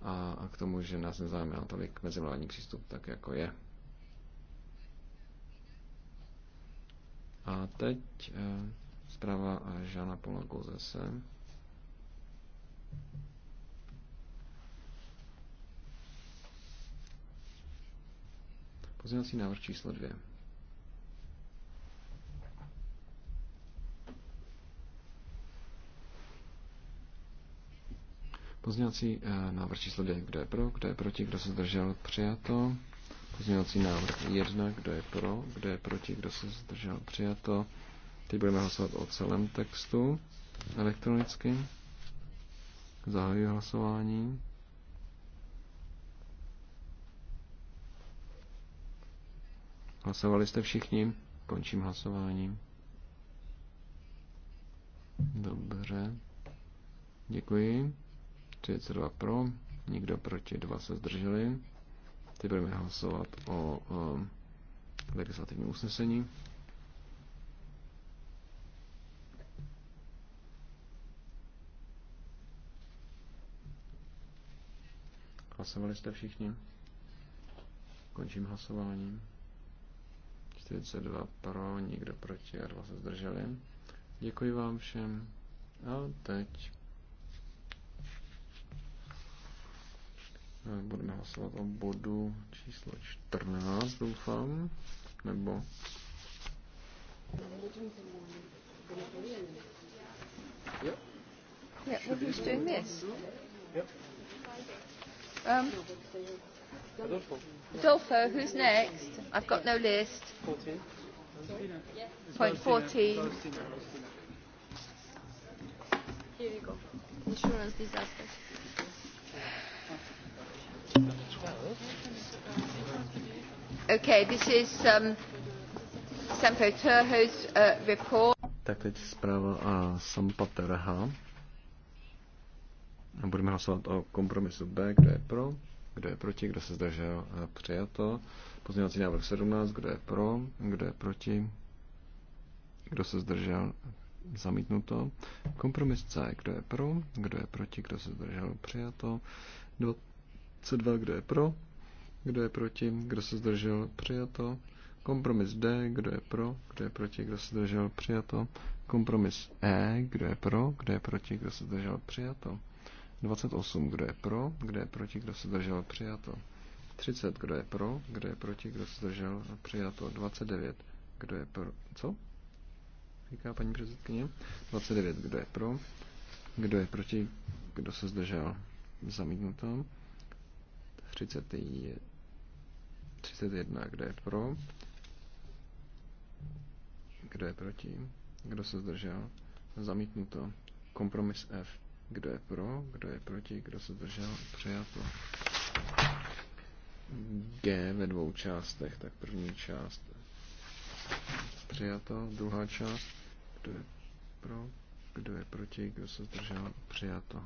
a, a k tomu, že nás nezajímá tolik mezivládní přístup, tak jako je. A teď e, zpráva Žána Pola Gozese. Pozměňovací návrh číslo 2. Pozměňovací eh, návrh číslo 2. Kdo je pro? Kdo je proti? Kdo se zdržel? Přijato. Pozměňovací návrh 1. Kdo je pro? Kdo je proti? Kdo se zdržel? Přijato. Teď budeme hlasovat o celém textu elektronicky. Zahajuji hlasování. Hlasovali jste všichni? Končím hlasování. Dobře. Děkuji. 32 pro, nikdo proti, dva se zdrželi. Teď budeme hlasovat o, o legislativním usnesení. Hlasovali jste všichni? Končím hlasováním. 42 pro, nikdo proti a dva se zdrželi. Děkuji vám všem. A teď budeme hlasovat o bodu číslo 14, doufám, nebo Yeah. Yeah, we're just doing this. Yep. Um, Adolfo. Adolfo, who's next? I've got no list. 14. Point 14. Here you go. Insurance disaster. Okay, this is um, Sampo Terho's uh, report. Tak teď zpráva a Sampa Terha. Budeme hlasovat o kompromisu B, kdo je pro kdo je proti? Kdo se zdržel? Přijato. Pozměňovací návrh 17. Kdo je pro? Kdo je proti? Kdo se zdržel? Zamítnuto. Kompromis C. Kdo je pro? Kdo je proti? Kdo se zdržel? Přijato. C2, Kdo je pro? Kdo je proti? Kdo se zdržel? Přijato. Kompromis D, kdo je pro, kdo je proti, kdo se zdržel, přijato. Kompromis E, kdo je pro, kdo je proti, kdo se zdržel, přijato. 28, kdo je pro, kdo je proti, kdo se zdržel, přijato. 30, kdo je pro, kdo je proti, kdo se zdržel, přijato. 29, kdo je pro, co? Říká paní předsedkyně. 29, kdo je pro, kdo je proti, kdo se zdržel, zamítnuto. 30 je, 31, kdo je pro, kdo je proti, kdo se zdržel, zamítnuto. Kompromis F kdo je pro? Kdo je proti? Kdo se držel? Přijato. G ve dvou částech. Tak první část přijato. Druhá část. Kdo je pro? Kdo je proti? Kdo se zdržel? Přijato.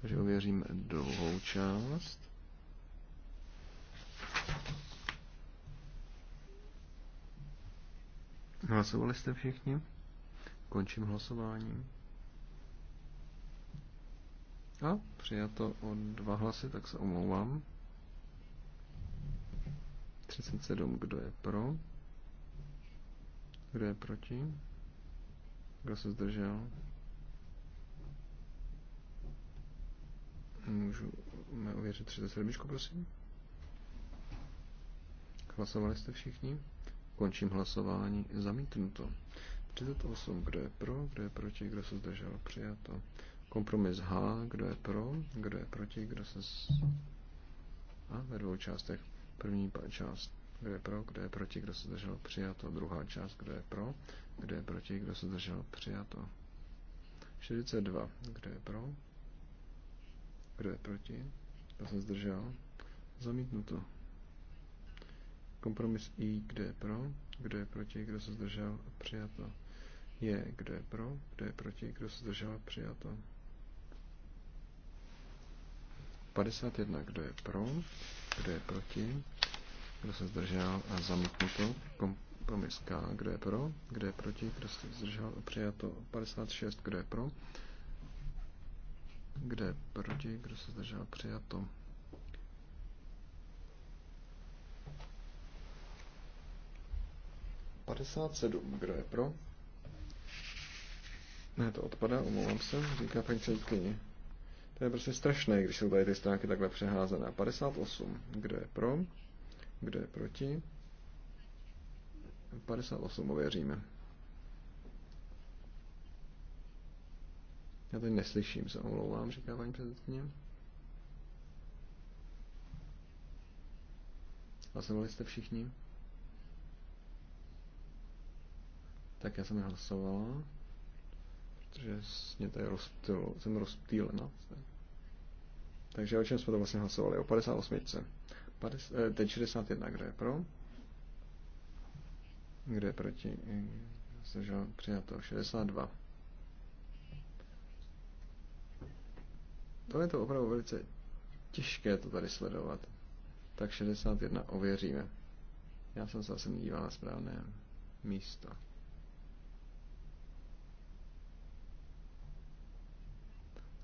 Takže ověřím druhou část. Hlasovali jste všichni? Končím hlasování. A přijato o dva hlasy, tak se omlouvám. 37, kdo je pro? Kdo je proti? Kdo se zdržel? Můžu mě ověřit 37, prosím. Hlasovali jste všichni? Končím hlasování. Zamítnuto. 38, kdo je pro, kdo je proti, kdo se zdržel, přijato. Kompromis H, kdo je pro, kdo je proti, kdo se... Z... A ve dvou částech. První část, kdo je pro, kdo je proti, kdo se zdržel, přijato. Druhá část, kdo je pro, kdo je proti, kdo se zdržel, přijato. 42, kdo je pro, kdo je proti, kdo se zdržel, zamítnuto. Kompromis I, kdo je pro, kdo je proti, kdo se zdržel, přijato. Je, kdo je pro, kdo je proti, kdo se zdržel, přijato. 51, kdo je pro, kdo je proti, kdo se zdržel a zamítnuto. Kompromis K, kdo je pro, kdo je proti, kdo se zdržel a přijato. 56, kdo je pro, kdo je proti, kdo se zdržel a přijato. Padesát sedm, kdo je pro? Ne, to odpadá, omlouvám se, říká paní předsedkyně. To je prostě strašné, když jsou tady ty stránky takhle přeházené. 58. Kdo je pro? Kdo je proti? 58 ověříme. Já teď neslyším, se omlouvám, říká paní předsedkyně. Hlasovali jste všichni? Tak já jsem hlasovala mě tady rozptyl, jsem rozptýlena. Takže o čem jsme to vlastně hlasovali? O 58. 50, eh, teď 61, kdo je pro? Kdo je proti? že přijato 62. To je to opravdu velice těžké to tady sledovat. Tak 61 ověříme. Já jsem se asi díval na správné místo.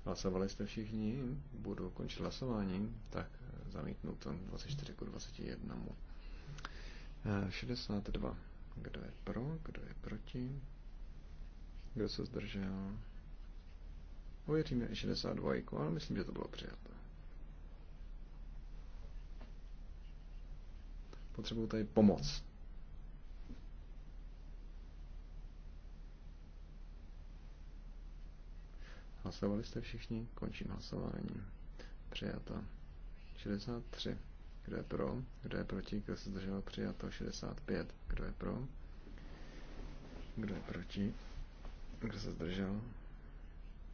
Hlasovali jste všichni, budu končit hlasování, tak zamítnu to 24 k 21. 62. Kdo je pro, kdo je proti, kdo se zdržel. Uvěříme 62, ale myslím, že to bylo přijato. Potřebuju tady pomoc. Hlasovali jste všichni? Končím hlasování. Přijato. 63. Kdo je pro? Kdo je proti? Kdo se zdržel? Přijato. 65. Kdo je pro? Kdo je proti? Kdo se zdržel?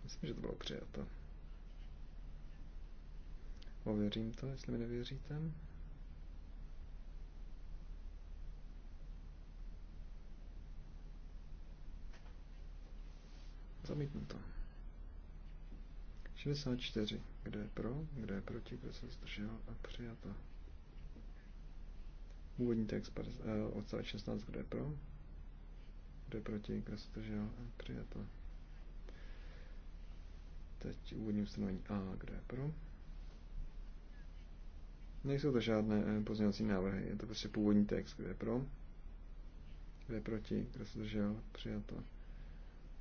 Myslím, že to bylo přijato. Ověřím to, jestli mi nevěříte. Zamítnu to. 64. Kdo je pro? Kdo je proti? Kdo se zdržel? A přijato. Úvodní text eh, odstavec 16. Kdo je pro? Kdo je proti? Kdo se zdržel? A přijato. Teď úvodní ustanovení A. Kdo je pro? Nejsou to žádné eh, pozměňovací návrhy, je to prostě původní text, kde je pro, kde je proti, kde se držel, přijato.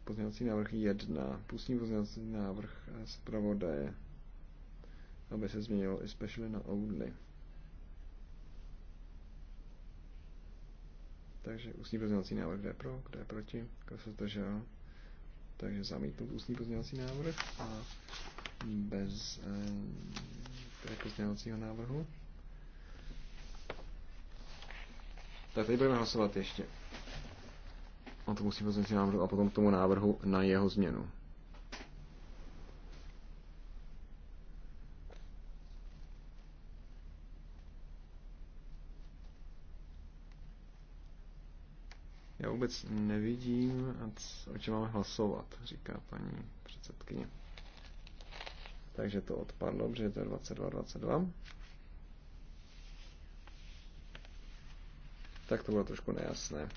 Pozměňovací návrh 1. Pustní pozměňovací návrh zpravodaje, aby se změnilo especially na only. Takže ústní pozměňovací návrh, kde je pro, kde je proti, kdo se zdržel. Takže zamítnout ústní pozměňovací návrh a bez eh, pozměňovacího návrhu. Tak teď budeme hlasovat ještě. A to musí pozměnit návrhu a potom k tomu návrhu na jeho změnu. Já vůbec nevidím, o čem máme hlasovat, říká paní předsedkyně. Takže to odpadlo, protože to je 22, 22. Tak to bylo trošku nejasné.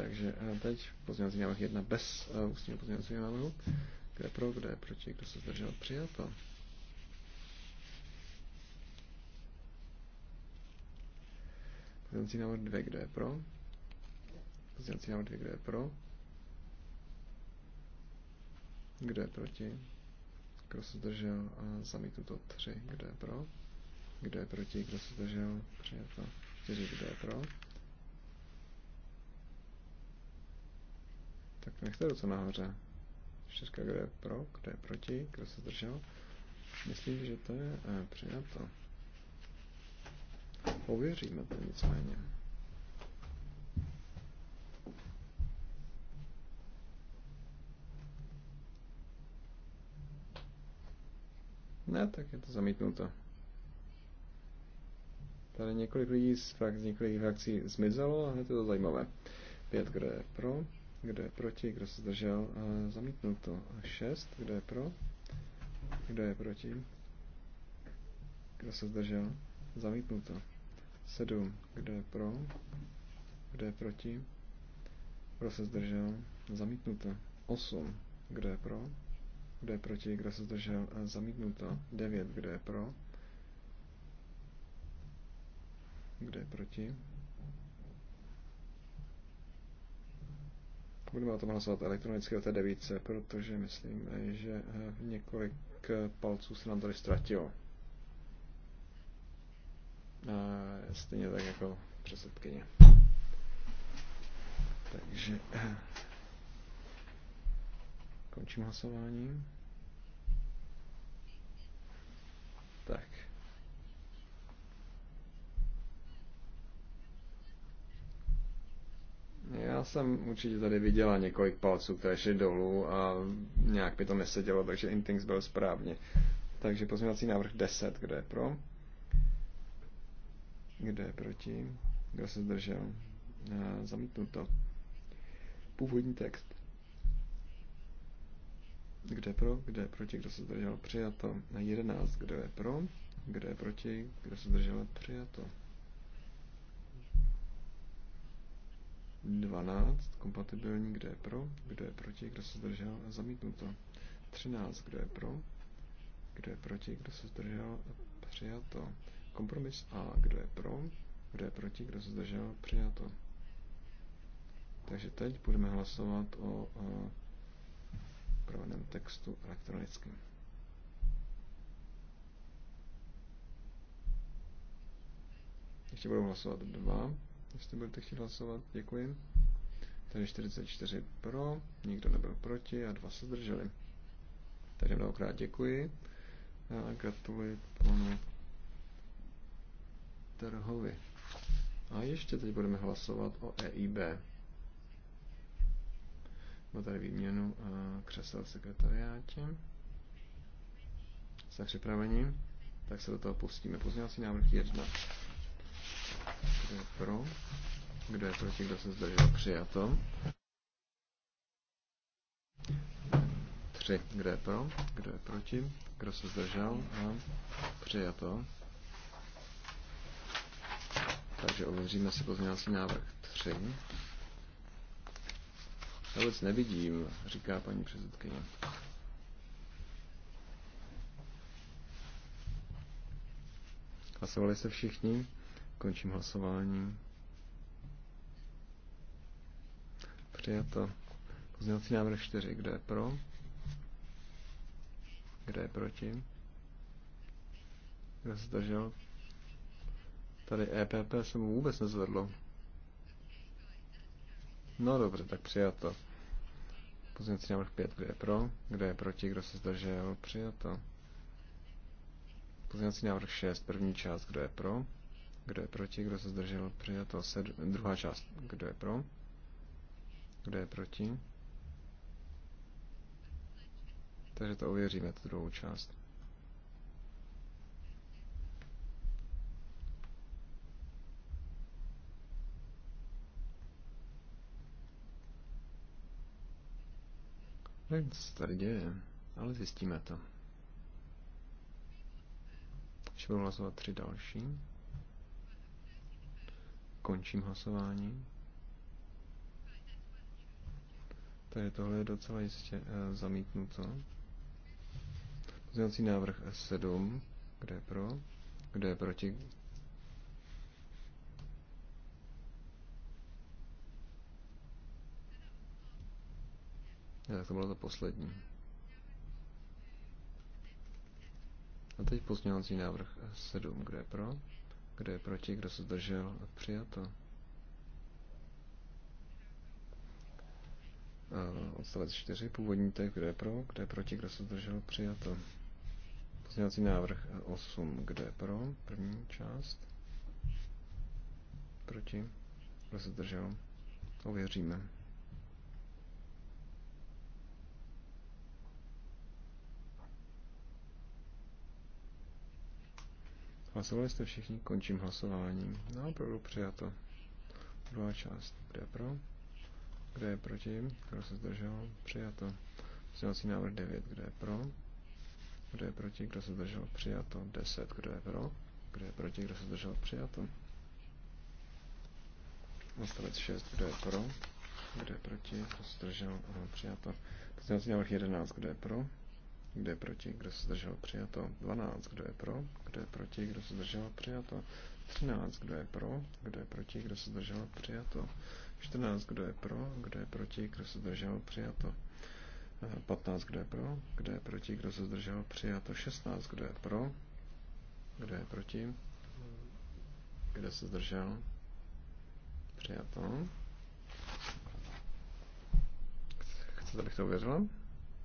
Takže eh, teď pozměňovací návrh jedna bez uh, ústního pozměňovacího návrhu. Kde pro, kde je proti, kdo se zdržel, přijato. Pozměňovací návrh dvě, kdo je pro? Pozměňovací návrh dvě, kdo je pro? Kdo je proti? Kdo se zdržel? A zamítnuto tři, kdo je pro? Kdo je proti? Kdo se zdržel? Přijato Čtyři, kdo je pro? Tak nechte ruce nahoře. Šestka, kdo je pro, kdo je proti, kdo se zdržel. Myslím, že to je eh, přijato. Pověříme to nicméně. Ne, tak je to zamítnuto. Tady několik lidí z, frak- z několik frakcí zmizelo a hned je to zajímavé. Pět, kdo je pro, kdo je proti? Kdo se zdržel? Eh, to. 6. Kdo je pro? Kdo je proti? Kdo se zdržel? to. 7. Kdo je pro? Kdo je proti? Kdo se zdržel? to. 8. Kdo je pro? Kdo je proti? Kdo se zdržel? Eh, to. 9. Kdo je pro? Kdo je proti? Budeme o tom hlasovat elektronicky o té devíce, protože myslím, že eh, několik eh, palců se nám tady ztratilo. Stejně tak jako předsedkyně. Takže eh, končím hlasování. Tak. Já jsem určitě tady viděla několik palců, které šly dolů a nějak by to nesedělo, takže Intings byl správně. Takže pozměňovací návrh 10, kde je pro? Kde je proti? Kdo se zdržel? Eh, zamítnuto. Původní text. Kde je pro? Kde je proti? Kdo se zdržel? Přijato. 11. Kdo je pro? Kdo je proti? Kdo se zdržel? Přijato. 12, kompatibilní, kdo je pro, kdo je proti, kdo se zdržel, zamítnuto. 13, kdo je pro, kdo je proti, kdo se zdržel, přijato. Kompromis A, kdo je pro, kdo je proti, kdo se zdržel, přijato. Takže teď budeme hlasovat o, o provedeném textu elektronicky. Ještě budou hlasovat dva jestli budete chtít hlasovat. Děkuji. Tady 44 pro, nikdo nebyl proti a dva se zdrželi. Takže mnohokrát děkuji a gratuluji panu Trhovi. A ještě teď budeme hlasovat o EIB. Má tady výměnu křesel v sekretariátě. Jste připraveni? Tak se do toho pustíme. Pozměňovací návrh 1. Kdo je pro? Kdo je proti? Kdo se zdržel? Přijato. Tři. Kdo je pro? Kdo je proti? Kdo se zdržel? A přijato. Takže ověříme si pozměňovací návrh 3. Já vůbec nevidím, říká paní předsedkyně. Hlasovali se všichni? Končím hlasování. Přijato. Pozměňovací návrh 4. Kdo je pro? Kdo je proti? Kdo se zdržel? Tady EPP se mu vůbec nezvedlo. No dobře, tak přijato. Pozměňovací návrh 5. Kdo je pro? Kdo je proti? Kdo se zdržel? Přijato. Pozměňovací návrh 6. První část. Kdo je pro? Kdo je proti? Kdo se zdržel? Přijato. se druhá část. Kdo je pro? Kdo je proti? Takže to ověříme, tu druhou část. Nevím, co se tady děje, ale zjistíme to. Ještě budou hlasovat tři další. Končím hlasování. Tady tohle je docela jistě eh, zamítnuto. Pozměňovací návrh S7. Kde je pro? Kde je proti? Tak to bylo to poslední. A teď pozměňovací návrh 7. Kde je pro? Kdo je proti? Kdo se zdržel? Přijato. A odstavec 4, původní text, kdo je pro, kdo je proti, kdo se zdržel, přijato. Pozměňovací návrh 8, kdo je pro, první část, proti, kdo se zdržel, ověříme. Hlasovali jste všichni, končím hlasováním. No, opravdu přijato. Druhá část. kde je pro? kde je proti? Kdo se zdržel? Přijato. Pozměňovací návrh 9. kde je pro? Kdo je proti? Kdo se zdržel? Přijato. 10. Kdo je pro? Kdo je proti? Kdo se zdržel? Přijato. Odstavec 6. Kdo je pro? Kdo je proti? Kdo se zdržel? Přijato. Pozměňovací návrh 11. Kdo je pro? Kdo je proti? Kdo se zdržel? Přijato. 12. Kdo je pro? Kdo je proti? Kdo se zdržel? Přijato. 13. Kdo je pro? Kdo je proti? Kdo se zdržel? Přijato. 14. Kdo je pro? Kdo je proti? Kdo se zdržel? Přijato. 15. Kdo je pro? Kdo je proti? Kdo se zdržel? Přijato. 16. Kdo je pro? Kdo je proti? Kdo se zdržel? Přijato. Chcete, abych to uvěřila?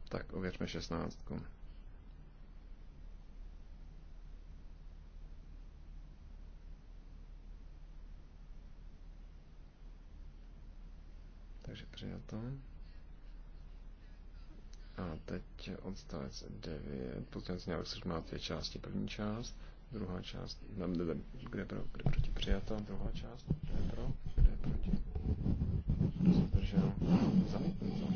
Tak ověřme šestnáctku. Takže přijato. A teď odstavec 9, pozdělací návrh má dvě části. První část, druhá část, Ne, no, ne, ne, kde pro, kde proti přijato, druhá část, kde pro, kde proti. Kdo se držel? zdržel? Zamítnuto.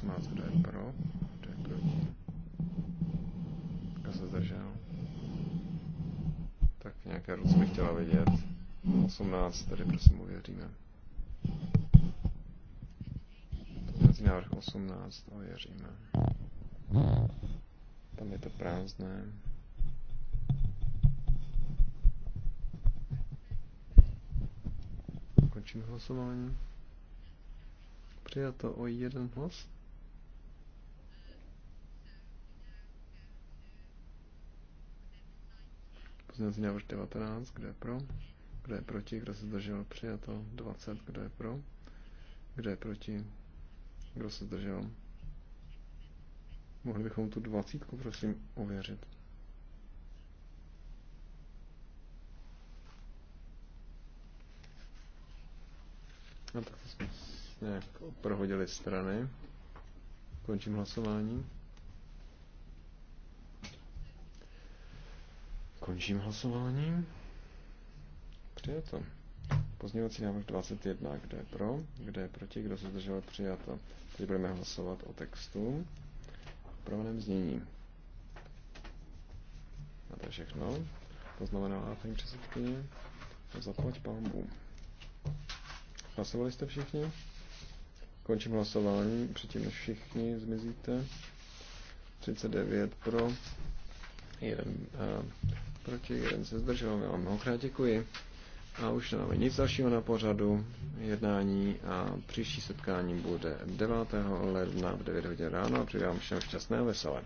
18, kdo je pro, kdo je proti, kdo se zdržel. Tak nějaké ruce bych chtěla vidět. 18, tady prosím uvěříme. Pozměňovací návrh 18, ověříme. Tam je to prázdné. Končím hlasování. Přijato o jeden hlas. Pozměňovací návrh 19, kdo je pro? Kdo je proti? Kdo se zdržel? Přijato. 20, kdo je pro? Kdo je proti? Kdo se zdržel? Mohli bychom tu dvacítku, prosím, ověřit. No tak to jsme nějak prohodili strany. Končím hlasování. Končím hlasování. Přijato. Pozměňovací návrh 21. Kdo je pro? Kdo je proti? Kdo se zdržel? Přijato. Teď budeme hlasovat o textu v praveném znění. A to je všechno. Poznamenala paní předsedkyně. Zaplať pambu. Hlasovali jste všichni? Končím hlasování, předtím než všichni zmizíte. 39 pro, jeden uh, proti, jeden se zdržel. Já vám mnohokrát děkuji. A už nemáme nic dalšího na pořadu jednání a příští setkání bude 9. ledna v 9 hodin ráno a přeji vám všem šťastné a veselé.